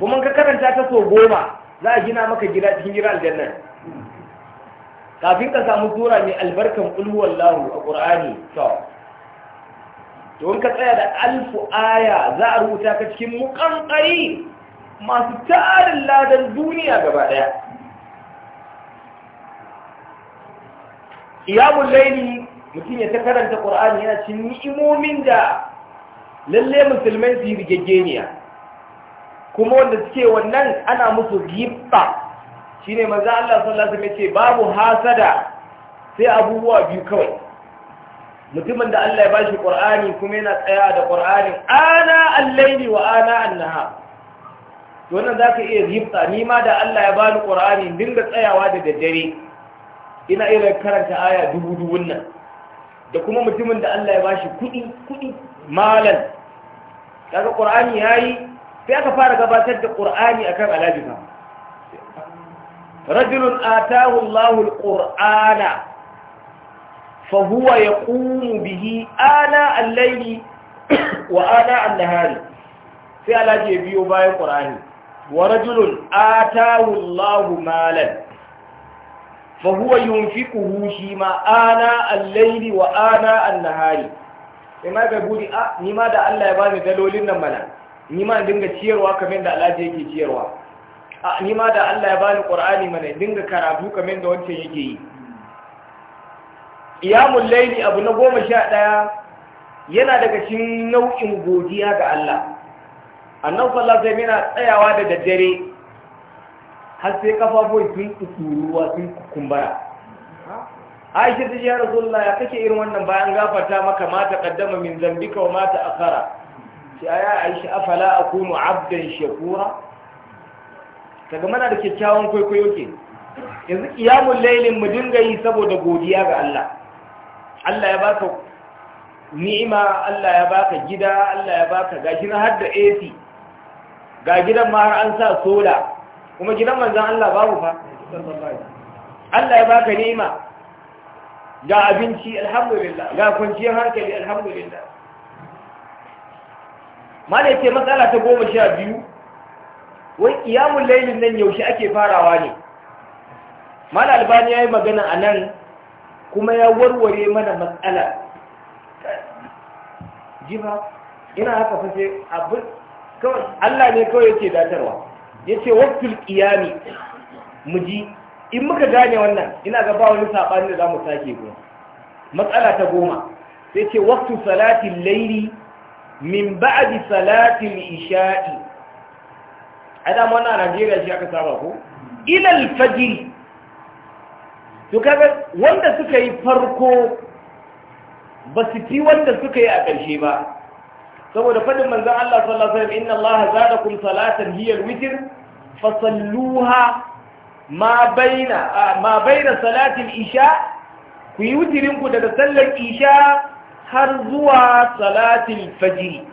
kuma ka karanta ta so goma za a gina maka gida cikin gida aljanna kafin ka samu tura mai albarkan kul wallahu a ƙur'ani to to ka tsaya da alfu aya za a rubuta ka cikin muƙanƙari masu tarin ladan duniya gaba ɗaya iyamun laili mutum ya ta karanta ƙur'ani yana cin ni'imomin da lalle musulmai su yi rigaggeniya kuma wanda suke wannan ana musu gibba shine maza Allah sallallahu alaihi wasallam ce babu hasada sai abubuwa biyu kawai mutumin da Allah ya bashi ƙur'ani kuma yana tsaya da ƙur'ani. ana allaini wa ana an-nahar to zaka iya zifta ni ma da Allah ya bani ƙur'ani dinga tsayawa da daddare ina iya karanta aya dubu dubun nan da kuma mutumin da Allah ya bashi kuɗi-kuɗi kudi malan kaga ya yayi sai aka fara gabatar da ƙur'ani akan alajifa rajulun atahu Allahu al fahuwa ya ƙumu bihi ana allaili wa ana annahari sai alhaji ya biyo baya ƙur'ani wa rajulun atahu Allahu malan fahuwa yunfiquhu shi ma ana allaili wa ana annahari sai ma ga buri a ni ma da Allah ya bani dalolin nan mana ni ma dinga ciyarwa kamar da alhaji yake ciyarwa a ni ma da Allah ya bani Qur'ani mana dinga karatu kamar da wancan yake yi iyamun laili abu na goma sha ɗaya yana daga cikin nau'in godiya ga Allah annan sallasai yana tsayawa da daddare har sai kafafuwa sun ruwa sun kumbara aisha ta ya rasulullah ya kake irin wannan bayan gafata maka mata kaddama min zambika wa mata akara. shi aya aisha afala akunu abdan shakura kaga mana da kyakkyawan kwaikwayo ke yanzu iyamun lailin mu dinga yi saboda godiya ga Allah Allah ya baka ni'ima Allah ya baka gida Allah ya baka gashi na har da AC ga gidan ma har an sa sola kuma gidan manzan Allah babu fa Allah ya baka ni'ima ga abinci alhamdulillah ga kwanciyar hankali alhamdulillah ma da yake matsala ta goma sha biyu wai kiyamun lailin nan yaushe ake farawa ne mala albani ya yi magana a nan kuma ya warware mana matsala jiba ina haka fashe abin kawai Allah ne kawai yake datarwa yace waqtul Mu ji, in muka gane wannan ina ga ba wani sabani da zamu sake goma matsala ta goma sai ce waqtu salatin laili min ba'adi salatin al A adam wannan a Najeriya shi aka saba ko 'Ilal fajiri.' to kaga wanda suka yi farko ba su fi wanda suka yi a ƙarshe ba saboda faɗin manzan Allah sallallahu alaihi inna Allah zadakum salatan hiya al fasalluha ma baina ma baina salatil isha ku yi wutirin ku daga sallar isha har zuwa salatil fajr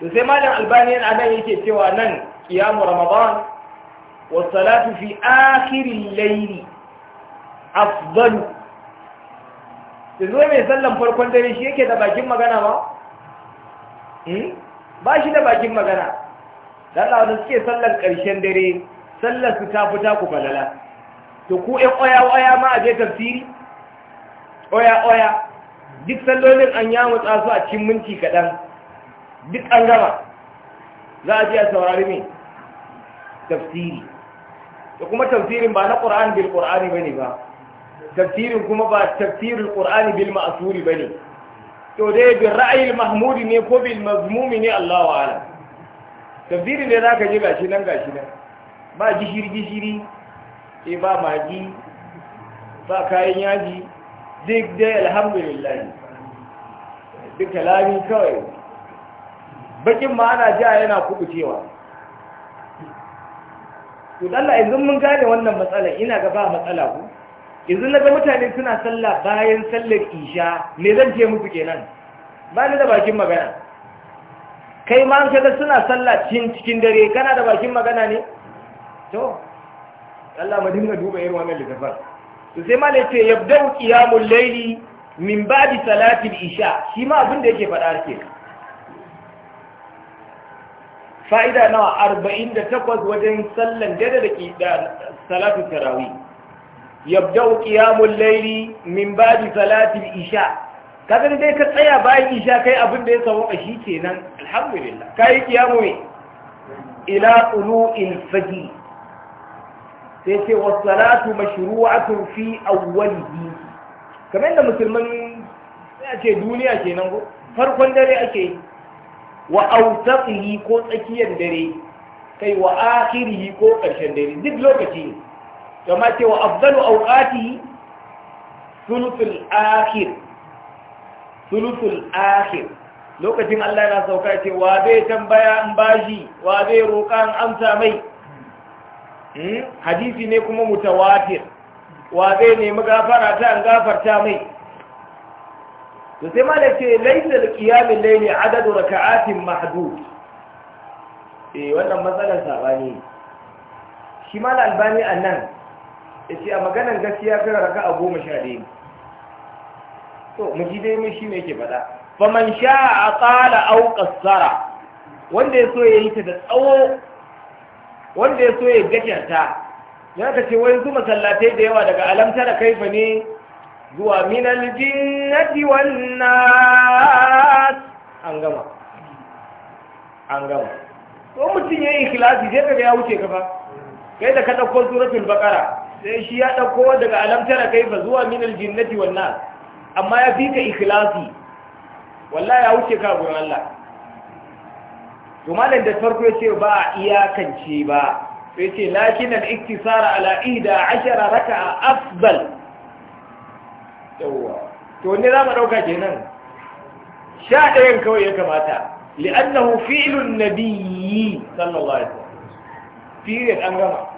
to sai malam albani yana nan yake cewa nan qiyamu ramadan wa salatu fi akhir al afdalu da zo mai sallan farkon dare shi yake da bakin magana ba? Hmm? ba shi da bakin magana dan da suke sallan ƙarshen dare sallar su ta fita ku falala to ku ɗan oya-oya ma a je tafsiri oya-oya duk sallolin an yamutsa su a cikin minti kaɗan duk an gama za a ji a saurari mai tafsiri da kuma tafsirin ba na ƙura'an bil ƙura'ani ba ne ba tafsirin kuma ba tafsirin ƙur'ani bil ba ne to dai bi ra'ayil mahmudi ne ko bil mazmumi ne wa ala tafsirin da zaka ji gashi nan gashi nan ba gishiri gishiri eh ba magi ba kayan yaji duk dai alhamdulillah duk kalami kawai bakin ma ana ja yana kubucewa to Allah yanzu mun gane wannan matsala ina ga ba matsala ku yanzu na ga mutane suna sallah bayan sallar isha me zan ce musu kenan ba ni da bakin magana kai ma an kada suna sallah cikin dare kana da bakin magana ne to Allah ma dinga duba irin wannan littafin to sai ma ce yabda qiyamul layli min ba'di salati isha shi ma abin da yake faɗa ke fa'ida nawa 48 wajen sallan dare da salatu tarawih yabda'u ƙiyamun laili min ba'di salati isha kaga dai ka tsaya bayan isha kai abin da ya samu sauka kenan alhamdulillah kai qiyamu ne ila in fajr sai ce was salatu mashru'atun fi awwalihi kamar da musulman ya ce duniya kenan ko farkon dare ake yi wa autaqihi ko tsakiyar dare kai wa akhirihi ko ƙarshen dare duk lokaci ne kama ce wa afdalu awqati sulutul akhir sulutul akhir lokacin Allah yana sauka ce wa bai tambaya in bashi wa bai roƙa in amsa mai hmm? hadisi ne kuma mutawatir wa zai nemi gafara ta an gafarta mai to sai ma da ce laisar kiyamin laili adadu raka'atin mahdud eh wannan matsalar sabani shi ma albani a nan ya ce a maganan gaskiya fi raka a goma sha ɗaya ne to mu ji dai mun shi ne yake faɗa faman sha a tsala au kassara wanda ya so ya yi ta da tsawo wanda ya so ya gajarta ya ka ce wani zuma masallatai da yawa daga alamtara kaifa ne zuwa minal jinnati wan an gama an gama ko mutum yayi ikhlasi je ga ya wuce ka fa kai da ka dauko suratul baqara sai shi ya ɗauko daga alamtara kaifa zuwa minal jinnati wannan, amma ya fi ka ikhlasi wallahi ya wuce ka gurin Allah to malam da farko yace ba a iyakance ba sai ce lakin al-iktisara ala ihda ashara raka'a afdal yawa to ne za mu dauka kenan sha ɗayan kawai ya kamata li'annahu fi'lun nabiyyi sallallahu alaihi wasallam period an gama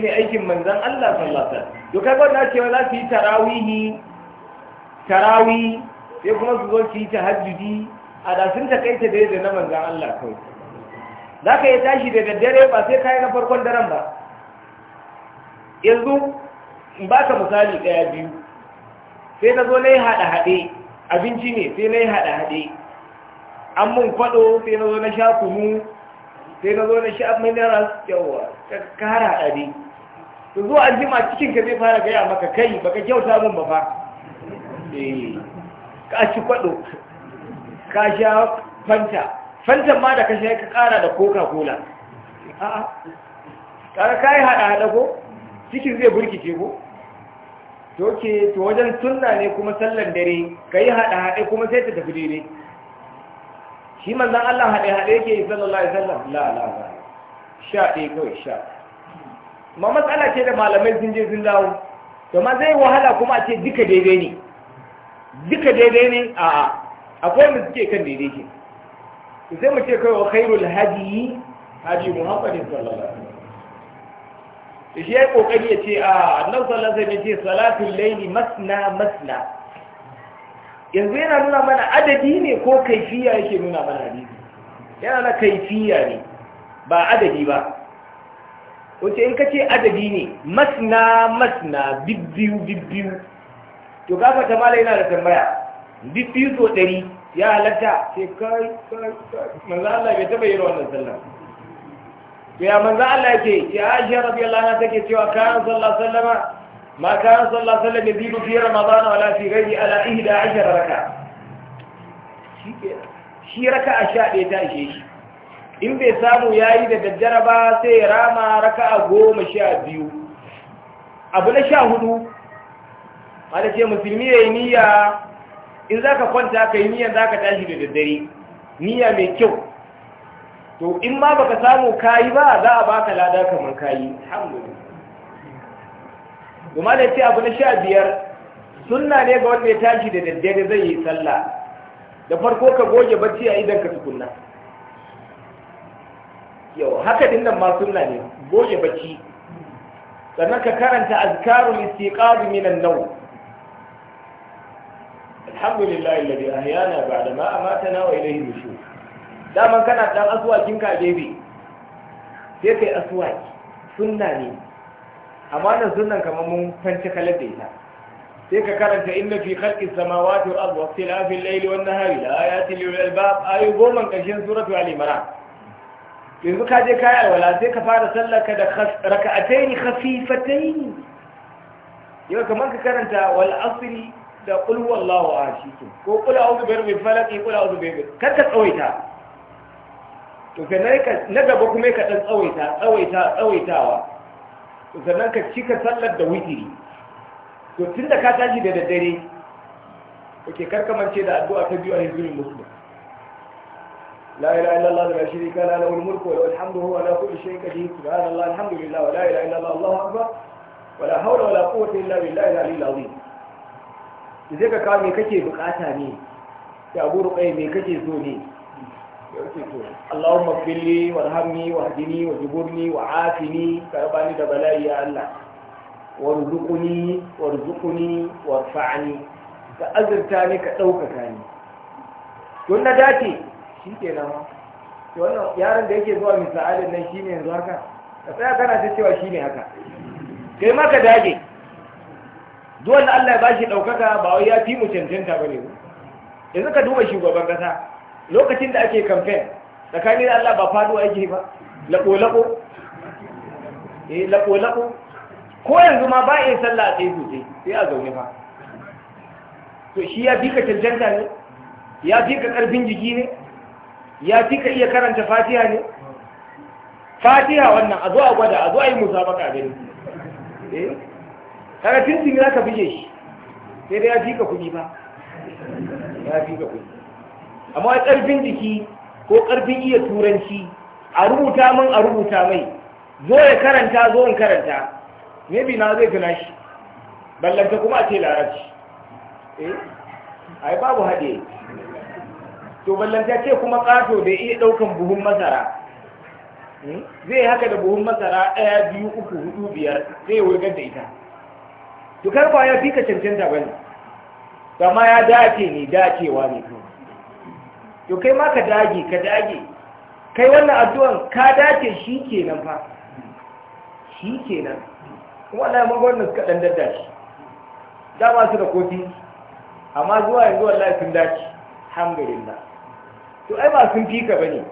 ne aikin manzan Allah sallata alaihi wasallam cewa za su yi tarawihi tarawi sai kuma su zo su yi tahajjudi a da sun takaita da yadda na manzan Allah kawai za ka yi tashi da daddare ba sai kayi na farkon daren ba yanzu in ba ka misali ɗaya biyu sai na zo na yi haɗe-haɗe abinci ne sai na yi haɗe-haɗe an mun kwaɗo sai na zo na sha kunu sai na zo na sha minerals yawa ka kara haɗe to zuwa an jima cikin ka zai fara gaya maka kai baka kyauta mun ba fa eh, ka ci kwado ka sha fanta fantan ma da ka sha ka kara da coca cola a'a kara kai hada hada ko cikin zai burkice ko to ke to wajen sunna ne kuma sallan dare kai hada hada kuma sai ta tafi dare shi manzon Allah hada hada yake sallallahu alaihi wasallam la la la sha ɗaya kawai sha ma matsala ce da malamai sun je sun dawo to ma zai wahala kuma a ce duka daidai ne duka daidai ne a akwai mu suke kan daidai ke sai mu ce kai wa khairul hadi hadi muhammadin sallallahu alaihi wasallam shi ya kokari ya ce a ah, annabi sallallahu alaihi wasallam ya ce salatul layli masna masna yanzu yana nuna mana adadi ne ko kaifiya yake nuna mana hadisi yana na kaifiya ne ba adadi ba wace in ka ce adadi ne masna masna bibbiyu bibbiyu to gafa ta mala yana da tambaya bibbiyu so ɗari ya halatta sai kai kai kai manzo Allah bai taɓa yi wannan sallar. to ya manza Allah yake ya Aisha Allah anha take cewa kan sallallahu sallama wasallam ma kan sallallahu alaihi da yazidu fi ramadan wala fi ghairi ala 11 raka shi ke shi raka a sha ɗaya ta ishe shi in bai samu ya yi da daddare ba sai ya rama raka a goma sha biyu abu na sha hudu wanda ce musulmi ya yi niyya in za ka kwanta ka yi niyyar za ka tashi da daddare niyya mai kyau to in ma baka samu kayi ba za a baka lada kamar kayi ce abu na sha biyar sunna ne ga wanda ya tashi da daddare zai yi sallah da farko ka goge bacci a idan ka tukunna yau haka din nan ma sunna ne goge bacci sannan ka karanta azkarul istiqaz min an-nawm alhamdulillah alladhi ahyana ba'da ma amatana wa ilayhi nushur daman kana dan aswakin ka gebe sai kai aswaki sunna ne amma nan sunnan kamar mun fanta kalar da ita sai ka karanta inna fi khalqis samawati wal ardi wa ikhtilafil layli wan nahari la ayatin lil albab ayu goma karshen suratul al-imran yanzu ka je kayi wala sai ka fara sallaka da raka'ataini khafifataini yau kamar ka karanta wal asri da qul huwallahu ahad ko qul a'udhu bi rabbil falaq qul a'udhu bi rabbin kar ka tsawaita to ka na gaba kuma ka ɗan tsawaita tsawaita tsawaitawa to sannan ka cika sallar da witiri to tunda ka tashi da daddare kake karkamance da addu'a ta biyu a yanzu hizbul muslim لا إله إلا الله لا شريك له له الملك وله الحمد هو على كل شيء قدير سبحان الله الحمد لله ولا إله إلا الله الله أكبر ولا حول ولا قوة إلا بالله العلي العظيم ka kawo kake bukata ne ya buru kai mai kake so ne Allahumma filli warhamni wahdini wajburni wa'afini karbani da bala'i ya Allah warzuqni warzuqni warfa'ni ka azurta ka ɗaukaka ni don na shi ke nan wannan yaron da yake zuwa misalin nan shi ne yanzu haka ka tsaya kana ta cewa shi ne haka kai ma ka dage duk wanda Allah ya bashi ɗaukaka ba wai ya fi mu cancanta ba ne yanzu ka duba shugaban kasa lokacin da ake kamfen tsakanin da Allah ba faduwa yake ba lako-lako eh lako-lako ko yanzu ma ba yin sallah a tsaye sosai sai a zaune fa to shi ya fi ka cancanta ne ya fi ka ƙarfin jiki ne ya fi ka iya karanta fatiha ne fatiha wannan a zo a gwada a zo a yi baka gani eh karatun jini za ka fije shi sai dai ya fi ka kuɗi ba ya fi ka kuɗi amma ƙarfin jiki ko ƙarfin iya turanci a rubuta min a rubuta mai zo ya karanta zo in karanta maybe na zai tuna shi ballanta kuma a ce larabci eh ai babu haɗe to ballanta ce kuma kato da iya ɗaukan buhun masara hmm? zai haka da buhun masara ɗaya biyu uku hudu biyar zai wurgar da ita to karfa ya fi ka cancanta bane kama ya dace ne dacewa ne to to kai ma ka dage ka dage kai wannan addu'an ka dace shi kenan fa shi kenan wallahi magwamnan suka ɗan daddashi dama su da kofi amma zuwa yanzu wallahi sun dace alhamdulillah to ai ba sun fi ka bane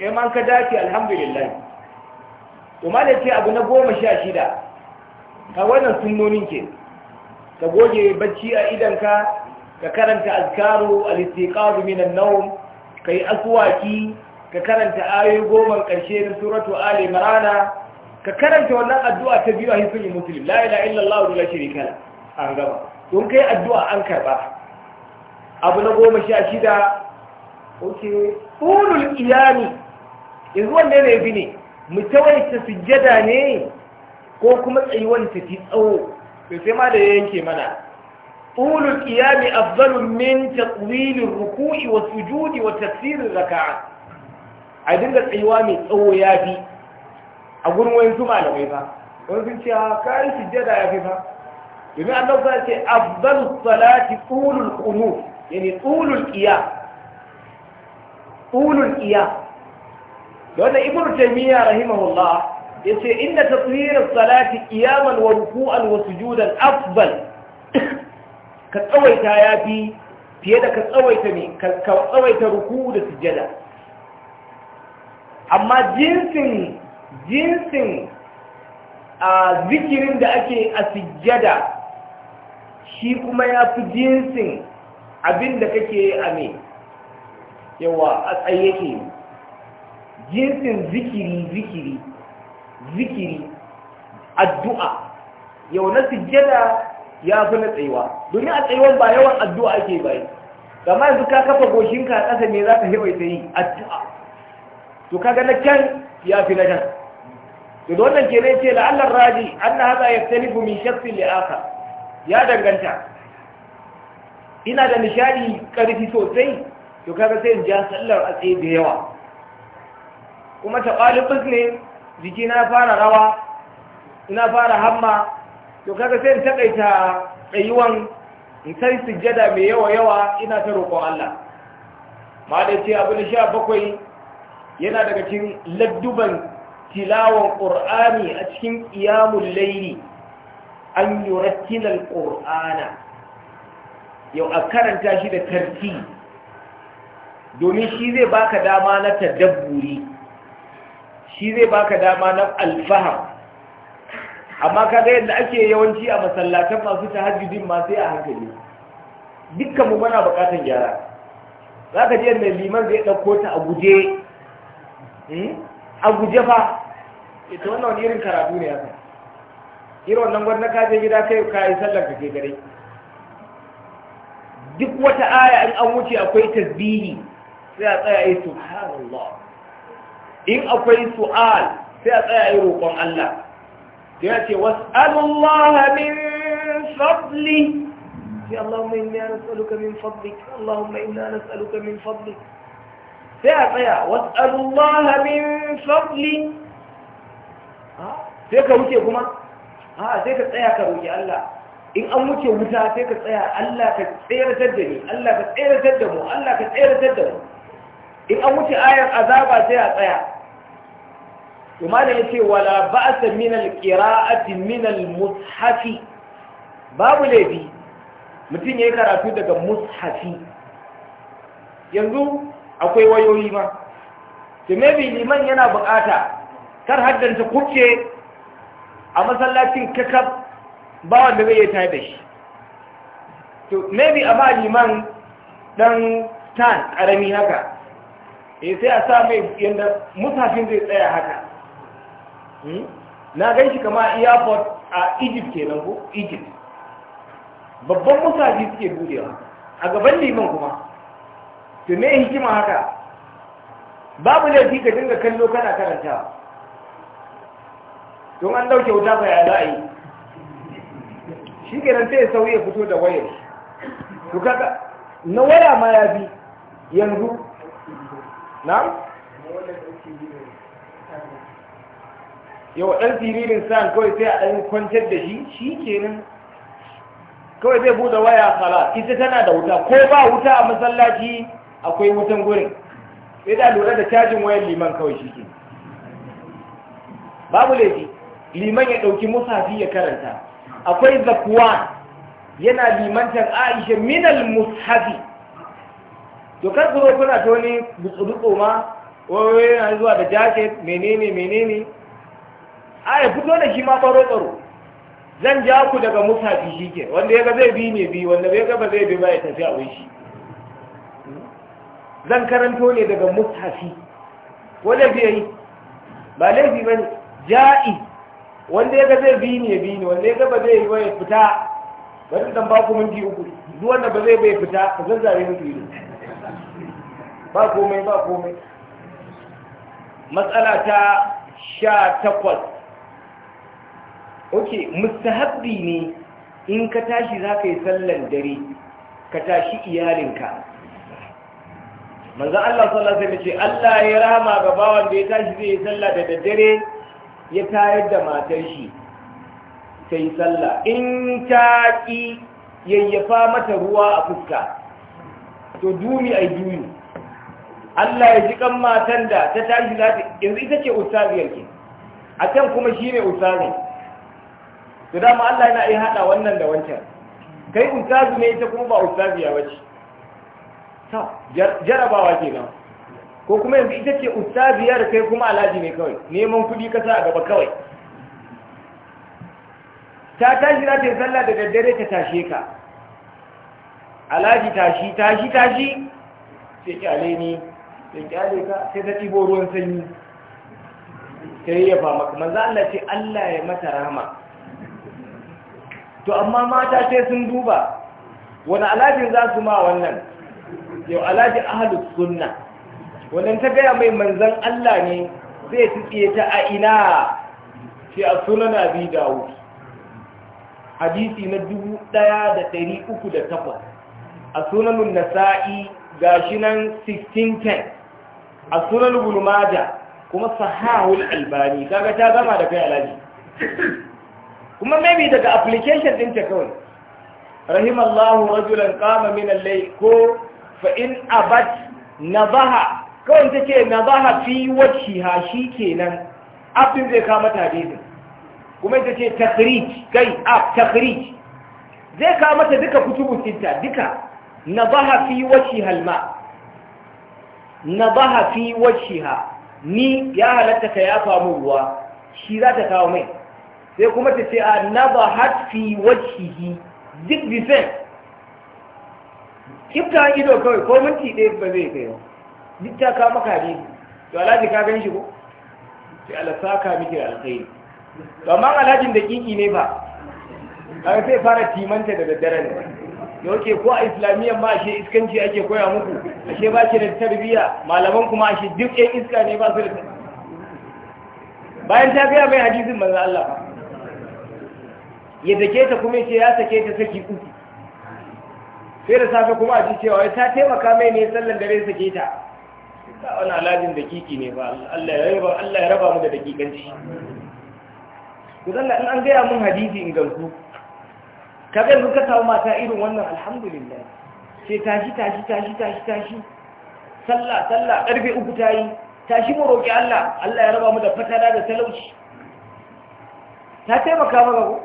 kai man ka dace alhamdulillah to malai ce abu na goma sha shida ka wannan sunnonin ke ka goge bacci a idanka ka karanta azkaru al-istiqaz min an-nawm kai aswaki ka karanta ayoyi goma karshe na suratu ali imran ka karanta wannan addu'a ta biyu a hisbi muslim la ilaha illallah wa la sharika an gaba don kai addu'a an karba abu na goma sha shida ok tulul iyami yanzu wanne ne bi ne mu tawaita sujjada ne ko kuma tsayuwan ta fi tsawo to sai ma da ya yanke mana tulul iyami afdalun min tatwilir ruku'i wa sujudi wa tafsirin raka'a a dinga tsayuwa mai tsawo ya fi a gurin wani su malamai ba wani sun ce ha kayan sujjada ya fi ba domin an dauka ce afdalus salati tulul qunut yani tulul qiyam ulul iya wanda ibnu taymiya rahimahullah yace inda taswir salati qiyaman wa ruku'an wa sujudan afdal ka tsawaita yafi fiye da ka tsawaita ne ka tsawaita ruku da sujada amma jinsin jinsin a zikirin da ake a sujada shi kuma ya fi jinsin abin da kake a mai yawa a tsaye yake jinsin zikiri zikiri zikiri addu'a yau na sujjada ya fi na tsayuwa domin a tsayuwan ba yawan addu'a ake bayi gama yanzu ka kafa goshinka a ƙasa ne za ka hewa ta yi addu'a to kaga na can ya fi na can to da wannan ke ce la'allar raji an na haza ya talibu min shaksin li'aka ya danganta ina da nishadi ƙarfi sosai to kaga sai in ja sallar a da yawa kuma taɓalifus ne jiki na fara rawa ina fara hamma to kaga sai in taƙaita tsayuwan in kai sujjada mai yawa yawa ina ta roƙon Allah ma da ce abu sha bakwai yana daga cikin ladduban tilawon ƙur'ani a cikin ƙiyamun laili an yi rattilar ƙur'ana yau a karanta shi da tarti domin shi zai baka dama na tadabburi shi zai baka dama na alfaham amma kaga yadda ake yawanci a masallatan masu tahajjudin ma sai a hankali dukkan mu muna bukatan gyara zaka je yadda liman zai dauko ta a guje hmm? a guje fa ita wannan wani irin karatu ne haka irin wannan gwamnati ka je gida kai ka yi sallar ka ke gare duk wata aya an wuce akwai tasbihi sai a tsaya yi subhanallah in akwai su'al sai a tsaya yi roƙon Allah da ya ce was'alullaha min fadli sai Allahumma inna nas'aluka min fadlik Allahumma inna nas'aluka min fadlik sai a tsaya was'alullaha min fadli sai ka wuce kuma Ha? sai ka tsaya ka roƙi Allah in an wuce wuta sai ka tsaya Allah ka tseratar da ni Allah ka tseratar da mu Allah ka tseratar da mu in an wuce ayar azaba sai a tsaya to malam yace wala ba'sa min al-qira'ati min al-mushafi babu laifi mutum yayi karatu daga mushafi yanzu akwai wayoyi ma to maybe liman yana bukata kar haddanta kuce a masallacin kakab ba wanda zai yi ta da shi to maybe a ba liman dan tan karami haka eh sai a sa mai yadda musafin zai tsaya haka hmm? na gan shi kama airport a egypt kenan ko egypt babban musafi suke budewa a gaban liman kuma su ne hikima haka babu laifi ka dinga kallo kana karantawa don an dauke wuta ba ya za a yi shi kenan sai sauri ya fito da wayar su kaka na waya ma ya bi yanzu na? yau ɗan siririn san kawai sai a ɗan kwantar da shi shi kenan kawai zai buɗe waya sala ita tana da wuta ko ba wuta a masallaci akwai wutan gurin sai da lura da cajin wayar liman kawai shi ke. babu laifi liman ya ɗauki musafi ya karanta akwai zakuwa yana limantar aisha minal mushafi to kar ku zo kuna ta wani butsurutsu ma wai yana zuwa da jacket menene menene a ya fito da shi ma tsaro-tsaro. zan ja ku daga musafi shi ke wanda ya ga zai bi ne bi wanda bai ga ba zai bi ba ya tafi a wai shi zan karanto ne daga musafi wanda bai yi ba laifi ba ne ja'i wanda ya ga zai bi ne bi ne wanda ya ga ba zai yi ba ya fita bari dan ba ku minti uku duk wanda ba zai bai fita ka zazzare muku ido ba komai ba komai matsala ta sha takwas ok mustahabbi ne in ka tashi za ka yi sallan dare ka tashi iyalinka manzan Allah sallallahu Alaihi Allah ya rama ga bawan da ya tashi zai yi sallah da daddare ya tayar da matar shi ta yi sallah in ta ƙi yayyafa mata ruwa a fuska to dumi a juyu Allah ya ji kan matan da ta tashi za ta yanzu ita ce ustaziyar ke a can kuma shi ne ustazi to dama Allah yana iya haɗa wannan da wancan kai ustazi ne ita kuma ba ustaziya ba ce ta jarabawa ke nan ko kuma yanzu ita ce ustaziyar kai kuma alhaji ne kawai neman kuɗi kasa a gaba kawai ta tashi za ta yi sallah da daddare ta tashe ka alhaji tashi tashi tashi sai ki alaini ya kyale ka sai ta ɗibo ruwan sanyi ta yi yaba maka manzo Allah ce Allah ya mata rahama to amma mata sai sun duba wani alajin za su ma wannan yau alaji ahalus sunna wannan ta gaya mai manzan Allah ne zai tsiye ta a ina shi a sunan da dawud hadisi na 1308 a sunan nasa'i gashi nan 1610 a sunan ibn kuma sahahul albani kaga ta zama da kai alaji kuma maybe daga application ɗin ta kawai rahimallahu rajulan qama min al-layl ko fa in abat nabaha kawai take nabaha fi wajhiha shikenan abin zai kama ta hadisin kuma ita ce takhrij kai ab takhrij zai kama ta duka kutubu sitta duka nabaha fi wajhiha al-ma na baha fi ha, ni ya halatta ka yafa famu ruwa shi za ta kawo mai sai kuma ta ce a na baha fi hi, duk bi same kifta ido kawai ko minti ɗaya ba zai kai ba duk ta kawo maka to alhaji ka gan shi ko sai alasa ka miki da alkhairi to amma alhajin da kiki ne ba kaga sai fara timanta da daddare ne da yake ko a islamiyyar ma ashe iskanci ake koya muku ashe ba ki da tarbiyya malaman kuma ashe duk yan iska ne ba su da bayan ta gaya mai hadisin manzan Allah ya take ta kuma ce ya sake ta saki uku sai da safe kuma a ji cewa ya ta taimaka mai ne sallan dare sake ta ta wani da kiki ne ba Allah ya raba Allah ya raba mu da dakikanci ku zalla in an gaya mun hadisi in gamsu kaga yanzu ka samu mata irin wannan alhamdulillah sai tashi tashi tashi tashi tashi sallah sallah karfe uku ta yi tashi mu roƙi Allah Allah ya raba mu da fatana da talauci ta taimaka maka ko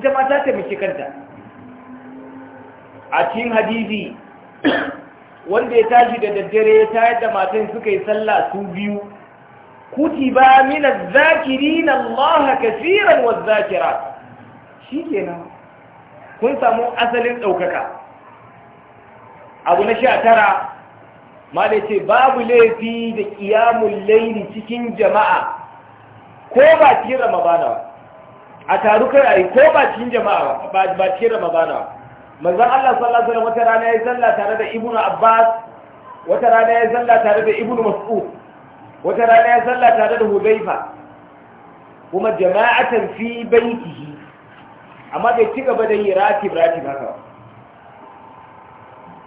ita ma ta taimaki kanta a cikin hadisi wanda ya tashi da daddare ya tayar da matan suka yi sallah su biyu kutiba min az-zakirin Allah kaseeran waz-zakirat shikenan kun samu asalin ɗaukaka abu na sha tara ma da ce babu laifi da ƙiyamun laifi cikin jama'a ko ba cikin ramabana ba a taru kai a yi ko ba cikin jama'a ba ba cikin ramabana ba mazan Allah sallallahu alaihi wata rana ya zalla tare da ibnu abbas wata rana ya zalla tare da ibnu mas'ud wata rana ya zalla tare da Hudaifa, kuma jama'atan fi baitihi amma bai ci gaba da yi ratib ratib haka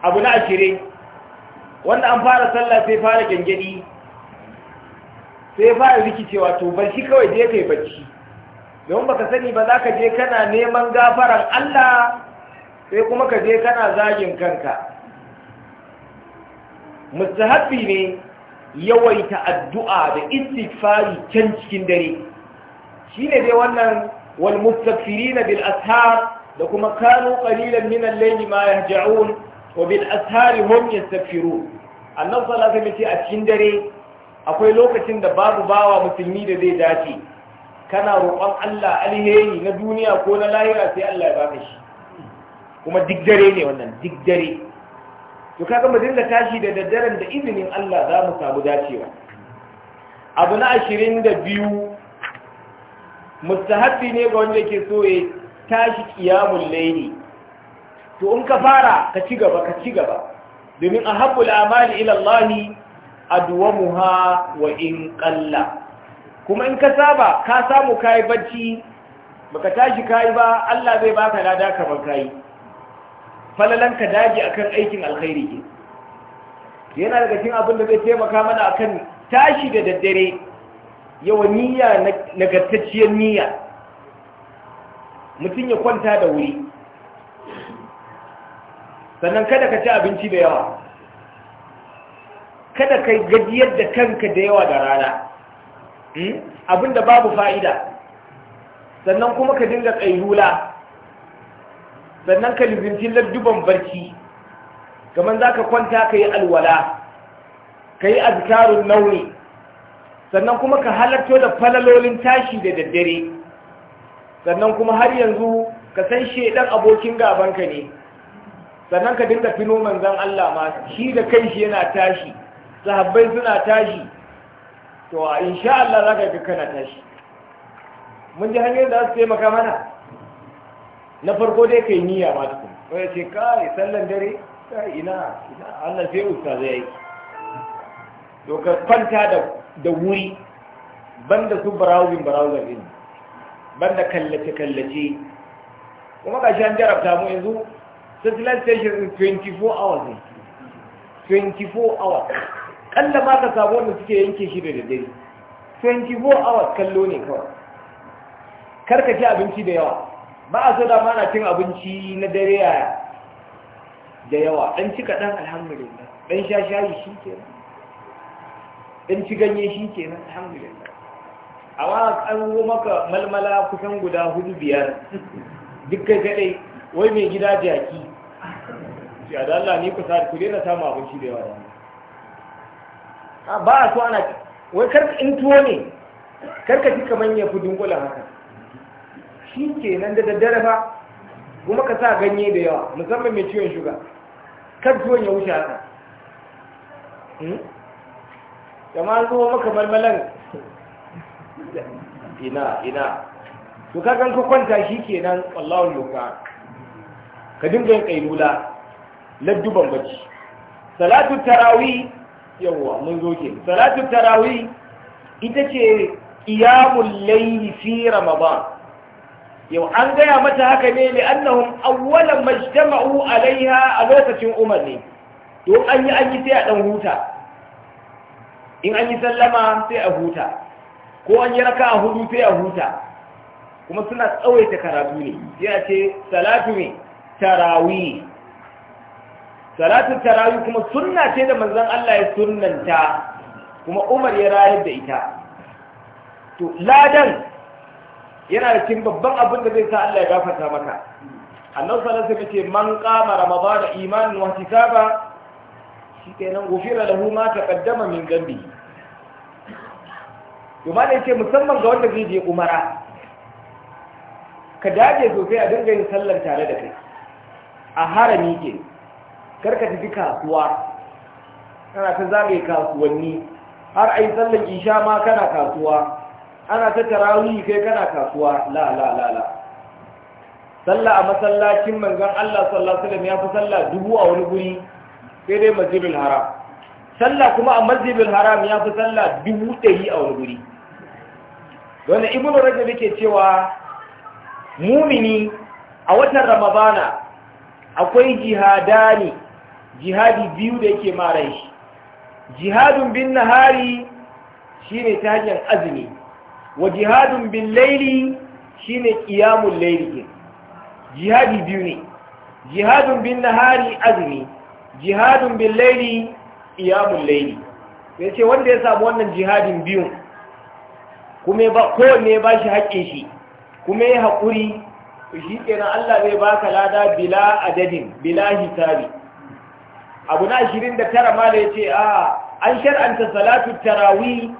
abu na ashirin wanda an fara sallah sai fara gangadi sai fara rikicewa to barci kawai je kai bacci don baka sani ba za ka je kana neman gafaran Allah sai kuma ka je kana zagin kanka mustahabbi ne yawaita addu'a da istighfari can cikin dare shine dai wannan wal mustaghfirina bil ashar da kuma kanu qalilan min al-layli wa bil ashari hum yastaghfirun annabi sallallahu alaihi wasallam a cikin dare akwai lokacin da babu bawa musulmi da zai dace kana roƙon Allah alheri na duniya ko na lahira sai Allah ya baka shi kuma duk dare ne wannan duk dare to kaga mu dinga tashi da daddaren da izinin Allah za mu samu dacewa abu na biyu. mustahabbi ne ga wanda ke so ya tashi qiyamul layli to in ka fara ka ci gaba ka ci gaba domin ahabbul amali ila Allah wa in qalla kuma in ka saba ka samu kai bacci baka tashi kai ba Allah zai baka lada kamar kai falalan ka dage akan aikin alkhairi ke yana daga cikin abin da zai taimaka mana akan tashi da daddare yawan niyya nagartacciyar niyya mutum ya kwanta da wuri sannan kada ka ci abinci da yawa kada ka gajiyar da kanka da yawa da rana hmm? abinda babu fa'ida sannan kuma ka dinga ƙaihula sannan ka lizinci ladduban barci kamar za ka kwanta ka yi alwala ka yi azkarun nauni sannan kuma ka halarto da falalolin tashi da daddare sannan kuma har yanzu ka san shedan abokin gabanka ne sannan ka dinga fino manzan Allah ma shi da kanshi yana tashi sahabbai suna tashi to insha Allah za ka ga kana tashi mun ji hanyar da za su taimaka mana na farko dai kai niyya ma tukun wanda ce kai sallan dare kai ina ina Allah sai usta zai yi to ka kwanta da da wuri banda su browsing browser din banda kallace kallace kuma ga shan jarabta mu yanzu satellite station 24 hours ne 24 hours kalla ba ka sabo da suke yanke shi da daddare 24 hours kallo ne kawai karka ci abinci da yawa ba a so da mana cin abinci na dare da yawa dan ci kaɗan alhamdulillah dan sha shayi shi kenan in ci ganye shi ke nan alhamdulillah a wa an zo maka malmala kusan guda hudu biyar duk kai kadai wai mai gida jaki shi a da Allah ni ku sa ku daina samu abinci da yawa ba a so ana wai kar in tuwo ne kar ka ci kaman ya fi dunkulan haka shi ke nan da daddare fa kuma ka sa ganye da yawa musamman mai ciwon shuga kar tuwon ya wuce haka hmm? an zuwa maka malmalan ina ina to kagan ka kwanta shi kenan wallahun loka ka dinga yin kailula ladduban bacci salatu tarawi yawwa mun zo ke salatu tarawi ita ce qiyamul layli fi ramadan yau an gaya mata haka ne li annahun? awwalan majtama'u alaiha a lokacin umar ne to an yi an yi sai a dan huta in an yi sallama sai a huta ko an yi raka a hudu sai a huta kuma suna tsawaita karatu ne sai ce salatu ne tarawi salatu tarawi kuma sunna ce da manzon Allah ya sunnanta kuma Umar ya rayar da ita to ladan yana da cikin babban abin da zai sa Allah ya gafarta maka annabi sallallahu alaihi wasallam man qama ramadan imanan wa hisaba kenan gufira lahu ma taqaddama min gambi. to malai ce musamman ga wanda zai je umara ka dage sosai a dinga yin sallar tare da kai a harami ke karka tafi kasuwa kana ta zagaye kasuwanni har a yi sallar isha ma kana kasuwa ana ta tarawih kai kana kasuwa la la la la sallah a masallacin manzon Allah sallallahu alaihi wasallam ya fi sallah dubu a wani guri sai dai masjidul haram sallah kuma a masjidul haram ya fi sallah dubu ɗari a wani guri wanda ibn rajab yake cewa mumini a watan ramadana akwai jihadani jihadi biyu da yake mara shi jihadun bin nahari shine ta hanyar azumi wa jihadun bin laili shine qiyamul laili jihadi biyu ne jihadun bin nahari azumi jihadun bin laili qiyamul laili yace wanda ya samu wannan jihadin biyun kuma ba kowanne ba shi haƙƙin shi kuma ya haƙuri shi kenan Allah zai baka lada bila adadin bila hisabi abu na 29 ma da yace a an shar'anta salatu tarawih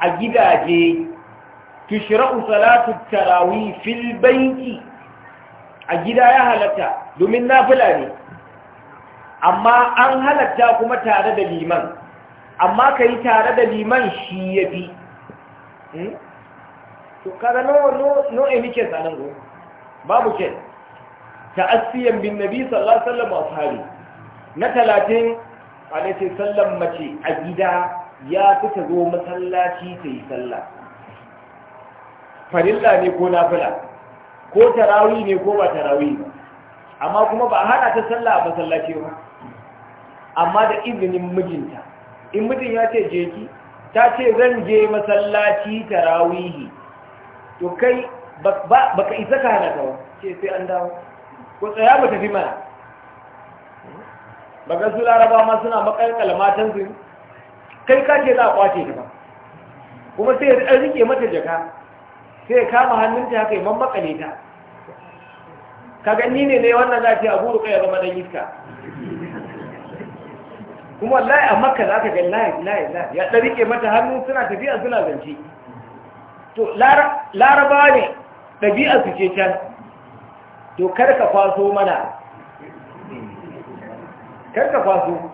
a gidaje tushra'u salatu tarawih fil a gida ya halatta domin nafila ne amma an halatta kuma tare da liman amma kai tare da liman shi yafi Hmm? to kada no no no e mike sanan go babu ta asiyan bin nabi sallallahu alaihi wasallam na talatin alaihi sallam mace a gida ya fita zo masallaci ta yi sallah farilla ne ko nafila ko tarawi ne ko ba tarawi ba amma kuma ba hana ta sallah a masallaci ba amma da izinin mijinta in mijin ya ce je ki ta ce zan je masallaci tarawihi to kai baka isa ka hana ta ce sai an dawo ko tsaya ba tafi mana baka su laraba ma suna makalkala matan su kai ka ce za a kwace ta ba kuma sai ya rike mata jaka sai ya kama hannunta haka ya mammakale ta ka ganni ne ne wannan za a yi abu ruka ya zama dan iska kuma wallahi a makka za ka ga layi layi layi ya ɗarike mata hannu suna tafiya suna zance to laraba ne ɗabi'a su ce can to kar ka kwaso mana kar ka kwaso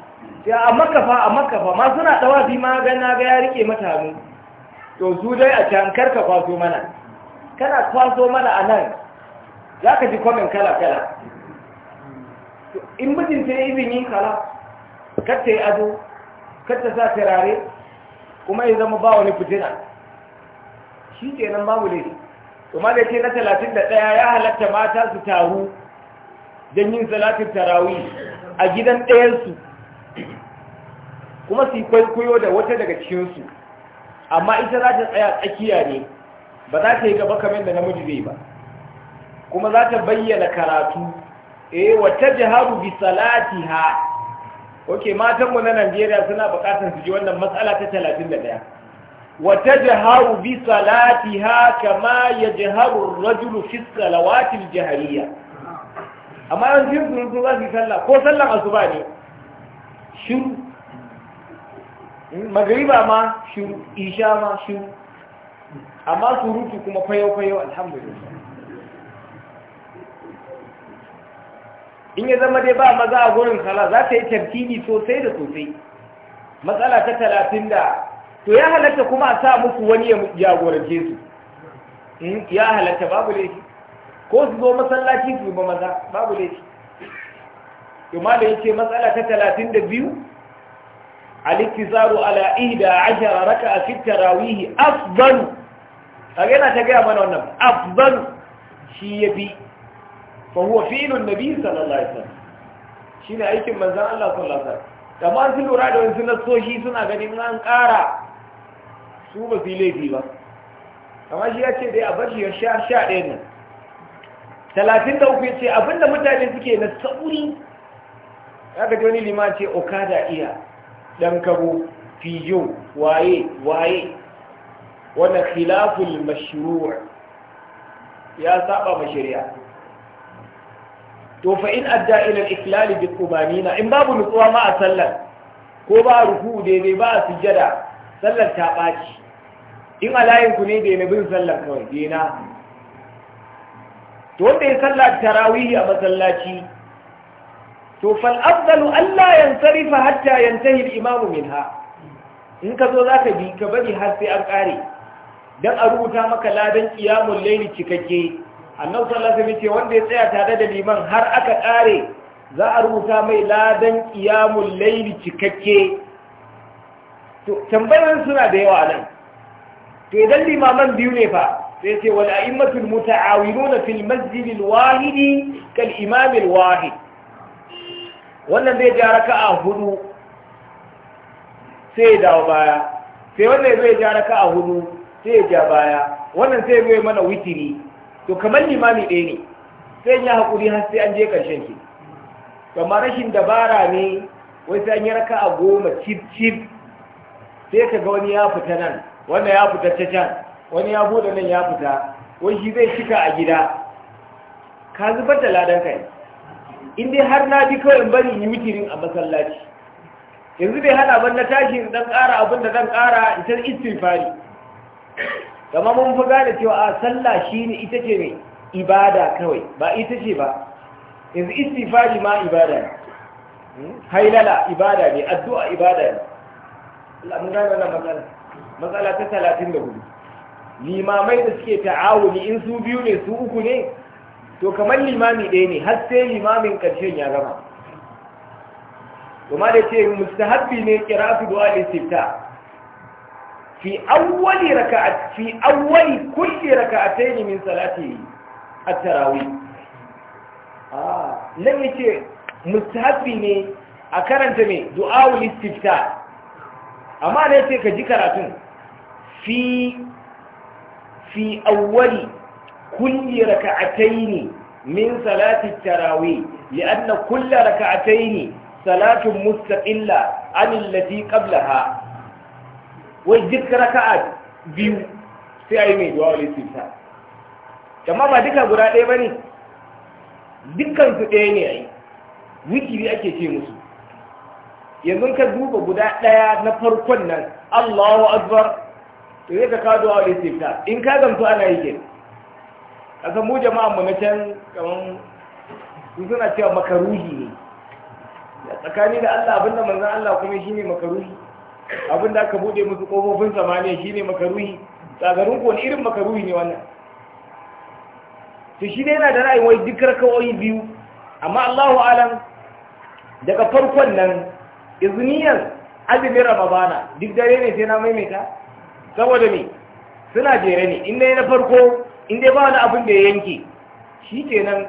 ya a makka fa a makka fa ma suna ɗawa fi ma gana ga ya rike mata hannu to su dai a can kar ka kwaso mana kana kwaso mana a nan za ka ji kwamin kala kala in mutunta izinin kala kata yi ado kata sa tarare kuma ya zama ba wani fitina shi kenan babu laifi kuma da ce na talatin da ɗaya ya halatta mata su taru don yin salatin tarawi a gidan ɗayansu kuma su yi kwaikwayo da wata daga cikinsu amma ita za ta tsaya tsakiya ne ba za ta yi gaba kamar da namiji zai ba kuma za ta bayyana karatu eh wata jiharu bi salatiha oke matanmu na najeriya suna bukatar su ji wannan matsala ta talatin da daya wata jiharu bi salatiha kama ya jiharu rajulu fi salawatil jihariya amma yan jin sun za su yi sallah ko sallan asuba ne shiru magariba ma shiru isha ma shiru amma surutu kuma fayo fayo alhamdulillah in ya zama dai ba maza a gurin kala za ta yi tartini sosai da sosai matsala ta talatin da to ya halatta kuma a sa musu wani ya jagorance su hmm, ya halatta babu laifi ko su zo masallaci su ba maza babu laifi to da yake matsala ta talatin da biyu al-iktizaru ala ihda ashara a fi tarawih afdalu kage yana ta gaya mana wannan afdalu shi ya bi fa huwa fi'lun nabi sallallahu alaihi wasallam shine aikin manzon Allah sallallahu alaihi wasallam sun lura da wasu nasoshi suna ganin an kara su ba su yi laifi ba amma shi ya ce dai a bashi ya sha sha ɗaya ne talatin da uku ya ce abinda mutane suke na sauri ya ga wani liman ce okada iya ɗan kabo fijo waye waye wannan khilaful mashru' ya saba ma shari'a to fa in adda ila al-iklal bi qubanina in babu nutsuwa ma a sallar ko ba ruku daidai ba a sujjada sallar ta baci in alayin ku ne daina bin sallar kawai na. to wanda ya sallar tarawih a masallaci to fal afdalu alla yansarifa hatta yantahi al-imam minha in ka zo zaka bi ka bari har sai an kare dan a rubuta maka ladan qiyamul layli cikakke annabi sallallahu alaihi ce wanda ya tsaya tare da liman har aka kare za a rubuta mai ladan qiyamul layli cikakke to tambayoyin suna da yawa nan to idan limaman biyu ne fa sai ce wal a'immatul muta'awiluna fil masjidil wahidi kal imamil wahid wannan zai ja raka'a hudu sai ya dawo baya sai wannan zai ja raka'a hudu sai ya ja baya wannan sai zai mana witiri to kamar limami ɗaya ne sai ya haƙuri har sai an je ƙarshen to amma rashin dabara ne wai sai an yi raka a goma cif cif sai ka ga wani ya fita nan wanda ya fita ta can wani ya buɗe nan ya fita wani shi zai cika a gida ka zubar da ladan kai in dai har na bi kawai bari yi mitirin a masallaci yanzu bai hana ban na tashi in dan ƙara abin da zan ƙara in ta istighfari kama mun fi gane cewa a sallah shi ne ita ce mai ibada kawai ba ita ce ba yanzu istifari ma ibada ne hmm? hailala ibada ne addu'a ibada ne mun gane na matsala matsala ta talatin da hudu limamai da suke ta'awuni in su biyu ne su uku ne to kamar limami ɗaya ne har sai limamin ƙarshen ya gama kuma da ce mustahabbi ne kira su du'a istifta fi awwali raka'at fi awwali kulli raka'atayn min salati at-tarawih ah nan yace mustahabi ne a karanta me du'aul istifta amma ne sai ka ji karatun fi fi awwali kulli raka'atayn min salati at-tarawih li'anna kull raka'atayn wai duk raka'a biyu sai a yi mai duwa wale sita amma ba duka guda ɗaya ba ne dukkan su ɗaya ne a yi wikiri ake ce musu yanzu ka duba guda ɗaya na farkon nan allahu akbar to yadda ka duwa wale sita in ka gamsu ana yi kenan a san mu jama'a mu na can kaman suna cewa makaruhi ne tsakani da Allah abinda manzon Allah kuma shine makaruhi abin da aka bude musu kofofin zamani shine makaruhi tsagarin ko irin makaruhi ne wannan to shi ne yana da ra'ayin wai duk rakawai biyu amma Allahu alam daga farkon nan izniyar azumin ramadana duk dare ne sai na maimaita saboda me suna jere ne in na farko inda ba wani abin da ya yanke shi kenan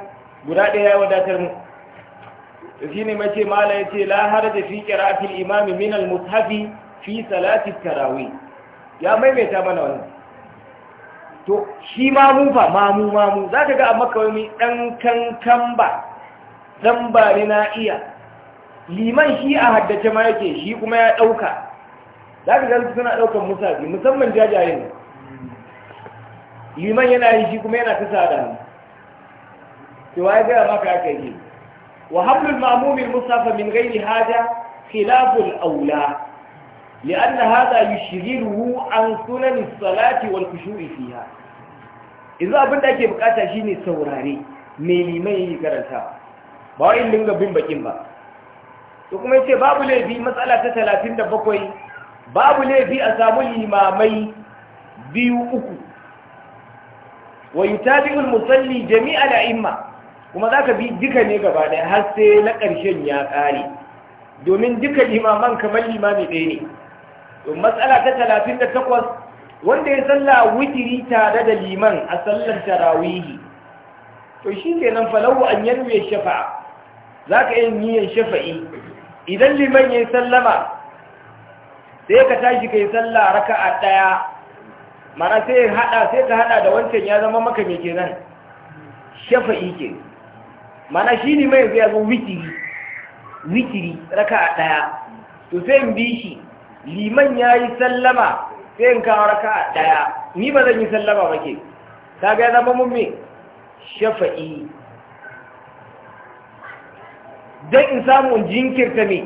guda ɗaya ya wadatar mu shi ne mace mala ya ce la har da fi kira fil imami min al-mushafi fi salati tarawi ya maimaita mana wannan to shi mamu fa mamu mamu za ka ga amma a makawami ɗan kankan ba ɗan ba ni na iya liman shi a haddace ma yake shi kuma ya ɗauka za ka ga suna ɗaukar musafi musamman jajayen liman yana yi shi kuma yana ta sada hannu cewa ya gaya maka aka yi wa hablul ma'mumin musafa min gairi haja khilaful aula لأن هذا يشغله عن سنن الصلاة والخشوع فيها إذا أبدا كي بقاتا شيني سوراري ميلي ميلي كرنتا باين لنغا بين بكين با to kuma yace babu laifi matsala ta talatin da bakwai babu laifi a samu limamai biyu uku Wai yutabi'u al-musalli jami'a al-a'imma kuma zaka bi duka ne gaba daya har sai na ƙarshen ya ƙare domin duka limaman kamar limami ɗaya ne matsala ta talatin da takwas wanda ya tsalla wujiri tare da liman a sallar tarawihi to shi nan falawu an ya shafa? za ka yi niyan shafa'i idan liman ya sallama sai ka tashi ka yi raka a ɗaya mana sai haɗa sai ka haɗa da wancan ya zama maka mai nan. shafa'i ke mana shi ne mai zai zo witiri raka a ɗaya to sai in bi shi liman ya yi sallama sai in kawo raka ɗaya ni ba zan yi sallama ba ke ta ga zama mun me shafa'i don in samu in jinkirta ne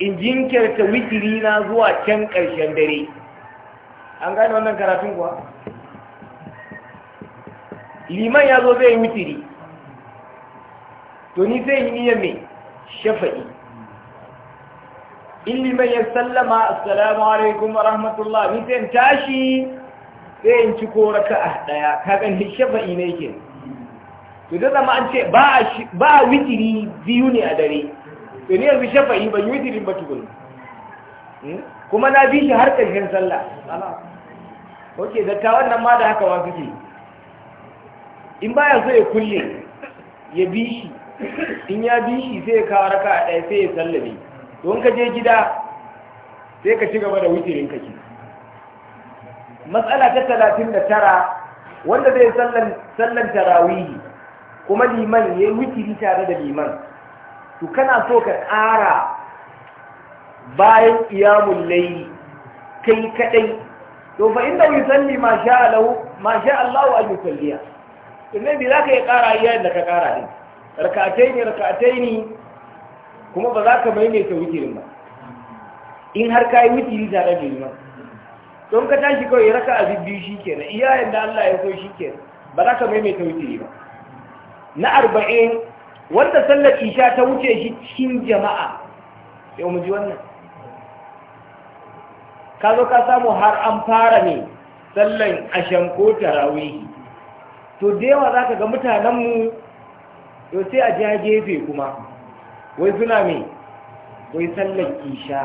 in jinkirta wikiri na zuwa can ƙarshen dare an gane wannan karatun kuwa liman ya zo zai yi witiri to ni zai yi niyan mai shafa'i in liman ya sallama assalamu alaikum wa rahmatullah ni sai tashi sai in ci ko a daya ka ni shafa'i ne ke to da zama an ce ba ba witiri biyu ne a dare to ne yanzu shafa'i ban witirin ba tukun hmm? kuma na bi shi har karshen sallah ok datta wannan ma da haka wa suke in baya so ya kulle ya bi shi in ya bi shi sai ya kawo raka a ɗaya sai ya sallame don ka je gida sai ka ci gaba da ka ke. matsala ta talatin da tara wanda zai sallan tarawihi kuma liman ya yi wutiri tare da liman to kana so ka ƙara bayan iyamun layi kai kaɗai. to fa inda yusalli ma sha Allah ma sha Allah an yusalliya to ne za ka ya ƙara yayin da ka ƙara din rak'ataini rak'ataini kuma ba za ka maimaita wikirin ba in har ka yi wikiri tare da liman don ka tashi kawai raka a biyu shi ke na iyayen da Allah ya so shi ke ba za ka maimaita wikiri ba na arba'in wanda sallar isha ta wuce shi cikin jama'a yau mu ji wannan ka zo ka samu har an fara ne sallan ashen ko tarawihi to da yawa za ka ga mutanenmu yau sai a ja gefe kuma wai suna me wai sallar isha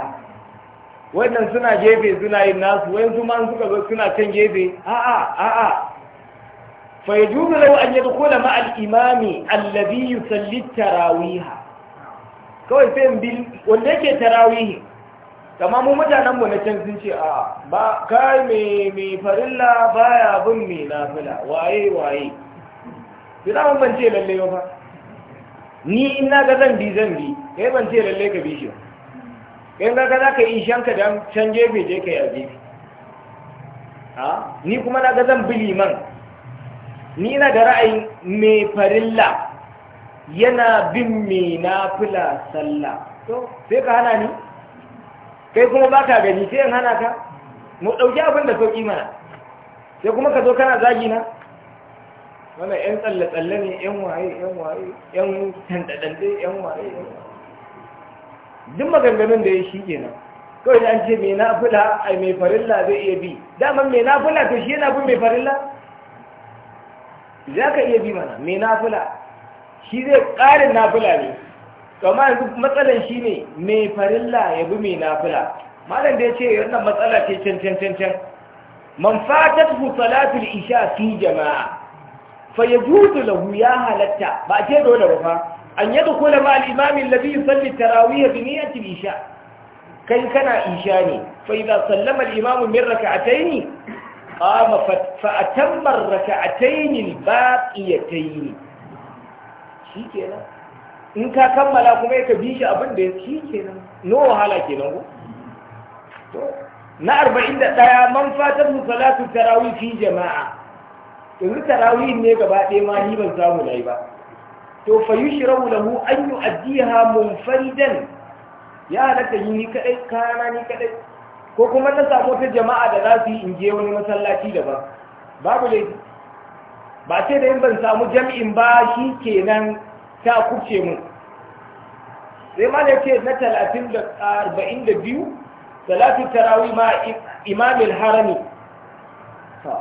wannan suna gefe suna yin nasu wai su ma suka zo suna can gefe a'a a'a fa yajuzu law an yadkhula ma al-imami alladhi yusalli tarawih kawai sai in bil wanda yake tarawih kamar mu mutanen mu na can sun ce a ba kai me me farilla baya bin me nafila waye waye bi za mu bance lalle ba ni in na ga zan bi zan bi kai ban ce lalle ka bi shi ba in ga za ka yi shanka da can gefe je yi a gefe ha ni kuma na ga zan bi liman ni ina da ra'ayin mai farilla yana bin me na fila sallah to sai ka hana ni kai kuma ba ka gani sai in hana ka mu ɗauki abin da sauƙi mana sai kuma ka zo kana zagi na wannan yan tsalle-tsalle ne yan waye yan waye yan tantadande yan waye ƴan waye duk maganganun da ya shi kenan kawai da an ce mai nafila a mai farilla zai iya bi daman mai nafula to shi yana bin mai farilla za ka iya bi mana mai nafula? shi zai ƙarin nafula ne kama yanzu matsalan shi ne mai farilla ya bi mai nafula. malam da ya ce wannan matsala ce can can can can man fatat salatul isha fi jama'a fa yajuzu lahu ya halatta ba ce dole ba fa an yadkhula ma al-imam alladhi yusalli tarawih bi niyyati al-isha kai kana isha ne fa idza sallama al-imam min rak'atayn qama fa atamma ar-rak'atayn al-baqiyatayn shikenan in ka kammala kuma ka bi abin da shikenan no wahala man fatar salatu fi jama'a yanzu tarawih ne gaba ɗaya ma ni ban samu nayi ba to fa anyi lahu an yu'addiha munfaridan ya halatta yi ni kaɗai, kana ni kaɗai. ko kuma na samu ta jama'a da za su yi in je wani masallaci daban babu dai ba ce da yin ban samu jami'in ba shi kenan ta kubce mu sai ma da ce na talatin da arba'in da biyu talatin tarawi ma imamil harami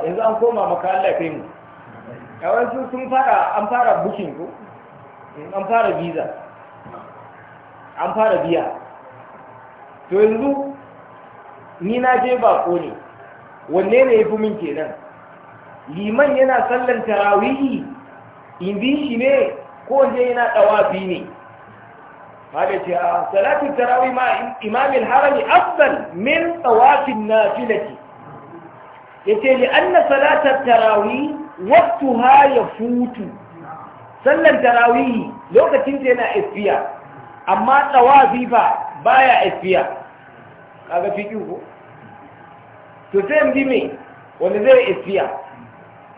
yanzu an koma maka Allah ya kai mu a sun fara an fara bushin ku? an fara visa an fara biya to yanzu ni na je bako ne wanne ne ya fi min kenan liman yana sallan tarawihi in bi shi ne ko je yana dawafi ne hada ce a ah, salatin tarawih ma imamil harami afdal min tawafin nafilati yace li anna salatar tarawih waqtuha yafutu sallan tarawih lokacin ta yana isfiya, amma tawafi fa baya ifiya kaga fiki ko to sai mu me wanda zai isfiya.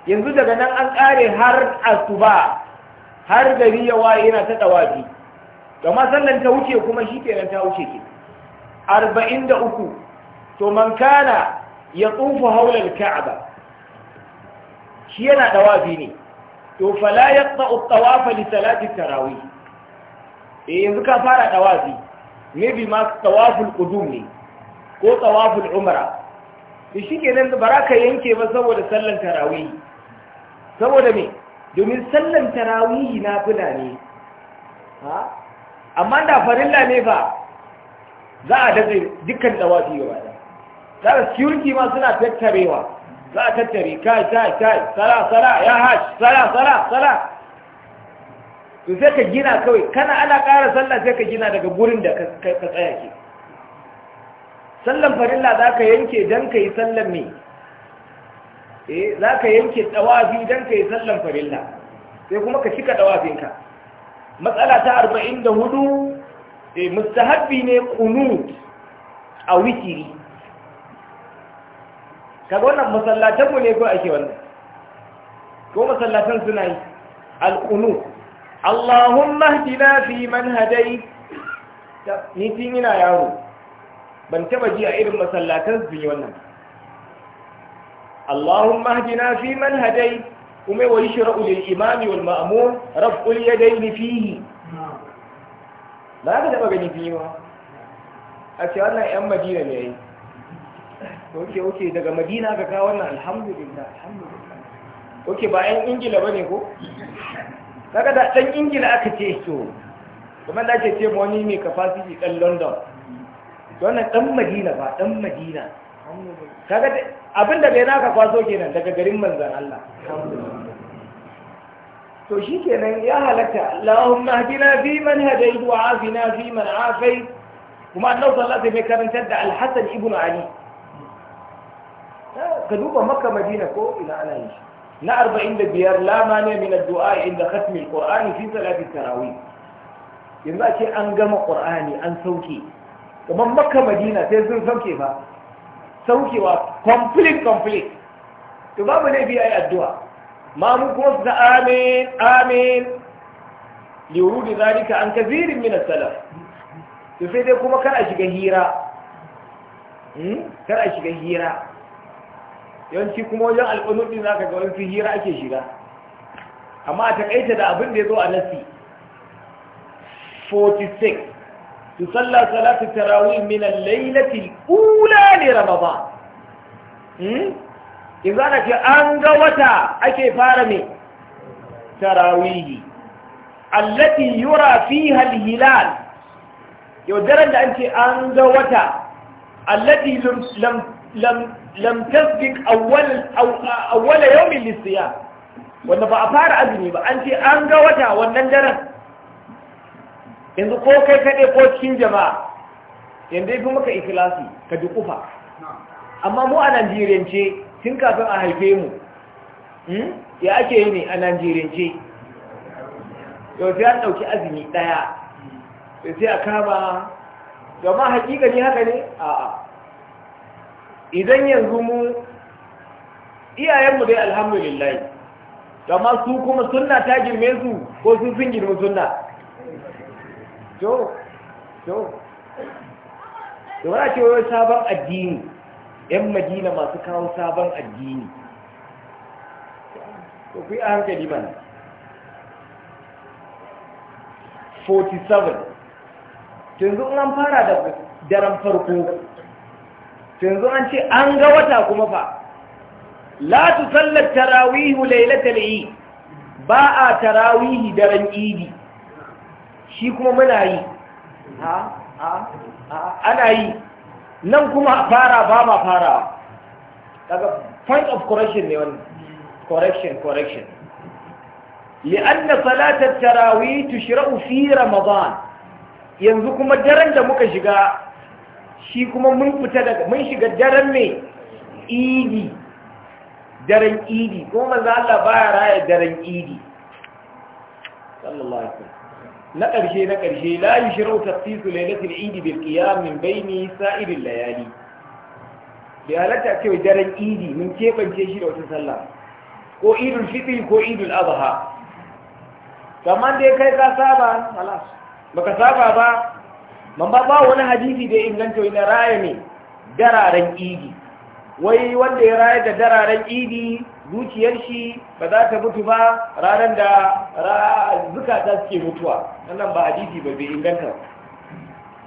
yanzu daga nan an kare har asuba har gari ya waye yana ta tawafi kuma sallan ta wuce kuma shi kenan ta wuce ke 43 to man kana ya tsufu haular ka'aba shi yana dawafi ne to fala ya tsa'u tawafa li salatin tarawih eh yanzu ka fara dawafi maybe ma tawaful qudum ne ko tawaful umra to shikenan da baraka yanke ba saboda sallan tarawih saboda me domin sallan tarawih na fila ne ha amma da farilla ne ba, za a daga dukkan dawafi gaba da security ma suna tattarewa za a tattare kai kai kai sara sara ya hash sara sara sara to sai ka gina kawai kana ana ƙara sallah sai ka gina daga gurin da ka tsaya ke sallan farilla za ka yanke don ka yi sallan me eh za ka yanke ɗawafi don ka yi sallan farilla sai kuma ka cika ɗawafinka matsala ta arba'in da hudu eh, mustahabbi ne kunut a wikiri kaga wannan masallatan mu ne ko ake wannan ko masallatan suna yi alqunu Allahumma hdina fi man hadai ni tin ina yaro ban taba ji a irin masallatan su yi wannan Allahumma hdina fi man hadai kuma wa yashra'u lil imami wal ma'mum raf'ul yadayn fihi ba ka taba gani fiye ba a ce wannan yan madina ne yayi oke oke daga madina ka kawo wannan alhamdulillah alhamdulillah oke ba yan ingila bane ko kaga da dan ingila aka ce to kuma da ake ce wani mai capacity dan london wannan dan madina ba dan madina kaga abin da bai naka kwaso kenan daga garin manzan Allah to shi kenan ya halatta Allahumma hadina fi man hadaytu wa afina fi man afait kuma annabi sallallahu alaihi wasallam karanta da Al-Hasan ibn Ali ka duba maka madina ko ina ana yi. shi na arba'in da biyar lama ne min addu'a inda khatmi alqur'ani fi salati tarawih yanzu a ce an gama qur'ani an sauke kamar makka madina sai sun sauke fa saukewa complete complete to babu ne bi addu'a ma mu kuma su amin amin li wurudi zalika an kazirin min as-salaf to sai dai kuma kar a shiga hira hmm? kar a shiga hira yawanci kuma wajen alƙunuɗi za ka ga wani hira ake shiga amma a taƙaita da abin da ya zo a nasi 46 su salla salatu tarawih min al-lailati ula li ramadan hmm idan ce an ga wata ake fara mai tarawih allati yura fiha al-hilal yau daren da an ce an ga wata allati lam lam lam tasbiq awwal awwal yawmin lisiyam wanda ba a fara azumi ba an ce an ga wata wannan daren yanzu ko kai kaɗai ko cikin jama'a yanda ya fi maka ikilasi ka ji kufa amma mu a ce tun kafin a haife mu hmm, ya ake yi ne a ce yau sai an ɗauki azumi ɗaya sai a kama gama hakika ne haka ne a'a idan yanzu mu iyayenmu dai alhamdulillahi amma su kuma sunna ta girme su ko sun sun girme sunna to to dora ce wai sabon addini yan madina masu kawo sabon addini to ku yi a hankali ba 47 tunzu an fara da daren farko yanzu an ce an ga wata kuma fa la tusallat tarawihu lailatal eid ba a tarawihi daren idi shi kuma muna yi ha ha ana yi nan kuma fara ba ma fara daga point of correction ne wannan correction correction li'anna salatat tarawih tushra'u fi ramadan yanzu kuma daren da muka shiga shi kuma mun fita daga mun shiga daren mai idi daren idi kuma manzo Allah baya raya daren idi sallallahu na ƙarshe na ƙarshe la yushru tafsisu lailatul idi bil qiyam min baini sa'iril layali bai halatta cewa daren idi mun keɓance shi da wata sallah ko idul fitri ko idul adha kamar dai kai ka saba halas baka saba ba mamba ba wani hadisi da inganta wani raya ne dararen idi wai wanda ya raya da dararen idi zuciyar shi ba za ta mutu ba ranar da zukata suke mutuwa wannan ba hadisi ba bai inganta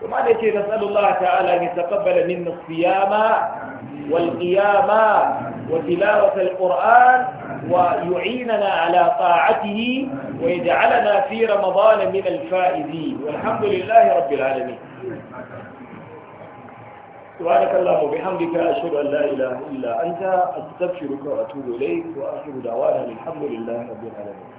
kuma da ce nasalullah ta'ala ya taqabbala minna siyama wal qiyama wa tilawata al-qur'an wa yu'inana ala ta'atihi ويجعلنا في رمضان من الفائزين والحمد لله رب العالمين سبحانك اللهم وبحمدك أشهد أن لا إله إلا أنت أستغفرك وأتوب إليك وآخر دعوانا الحمد لله رب العالمين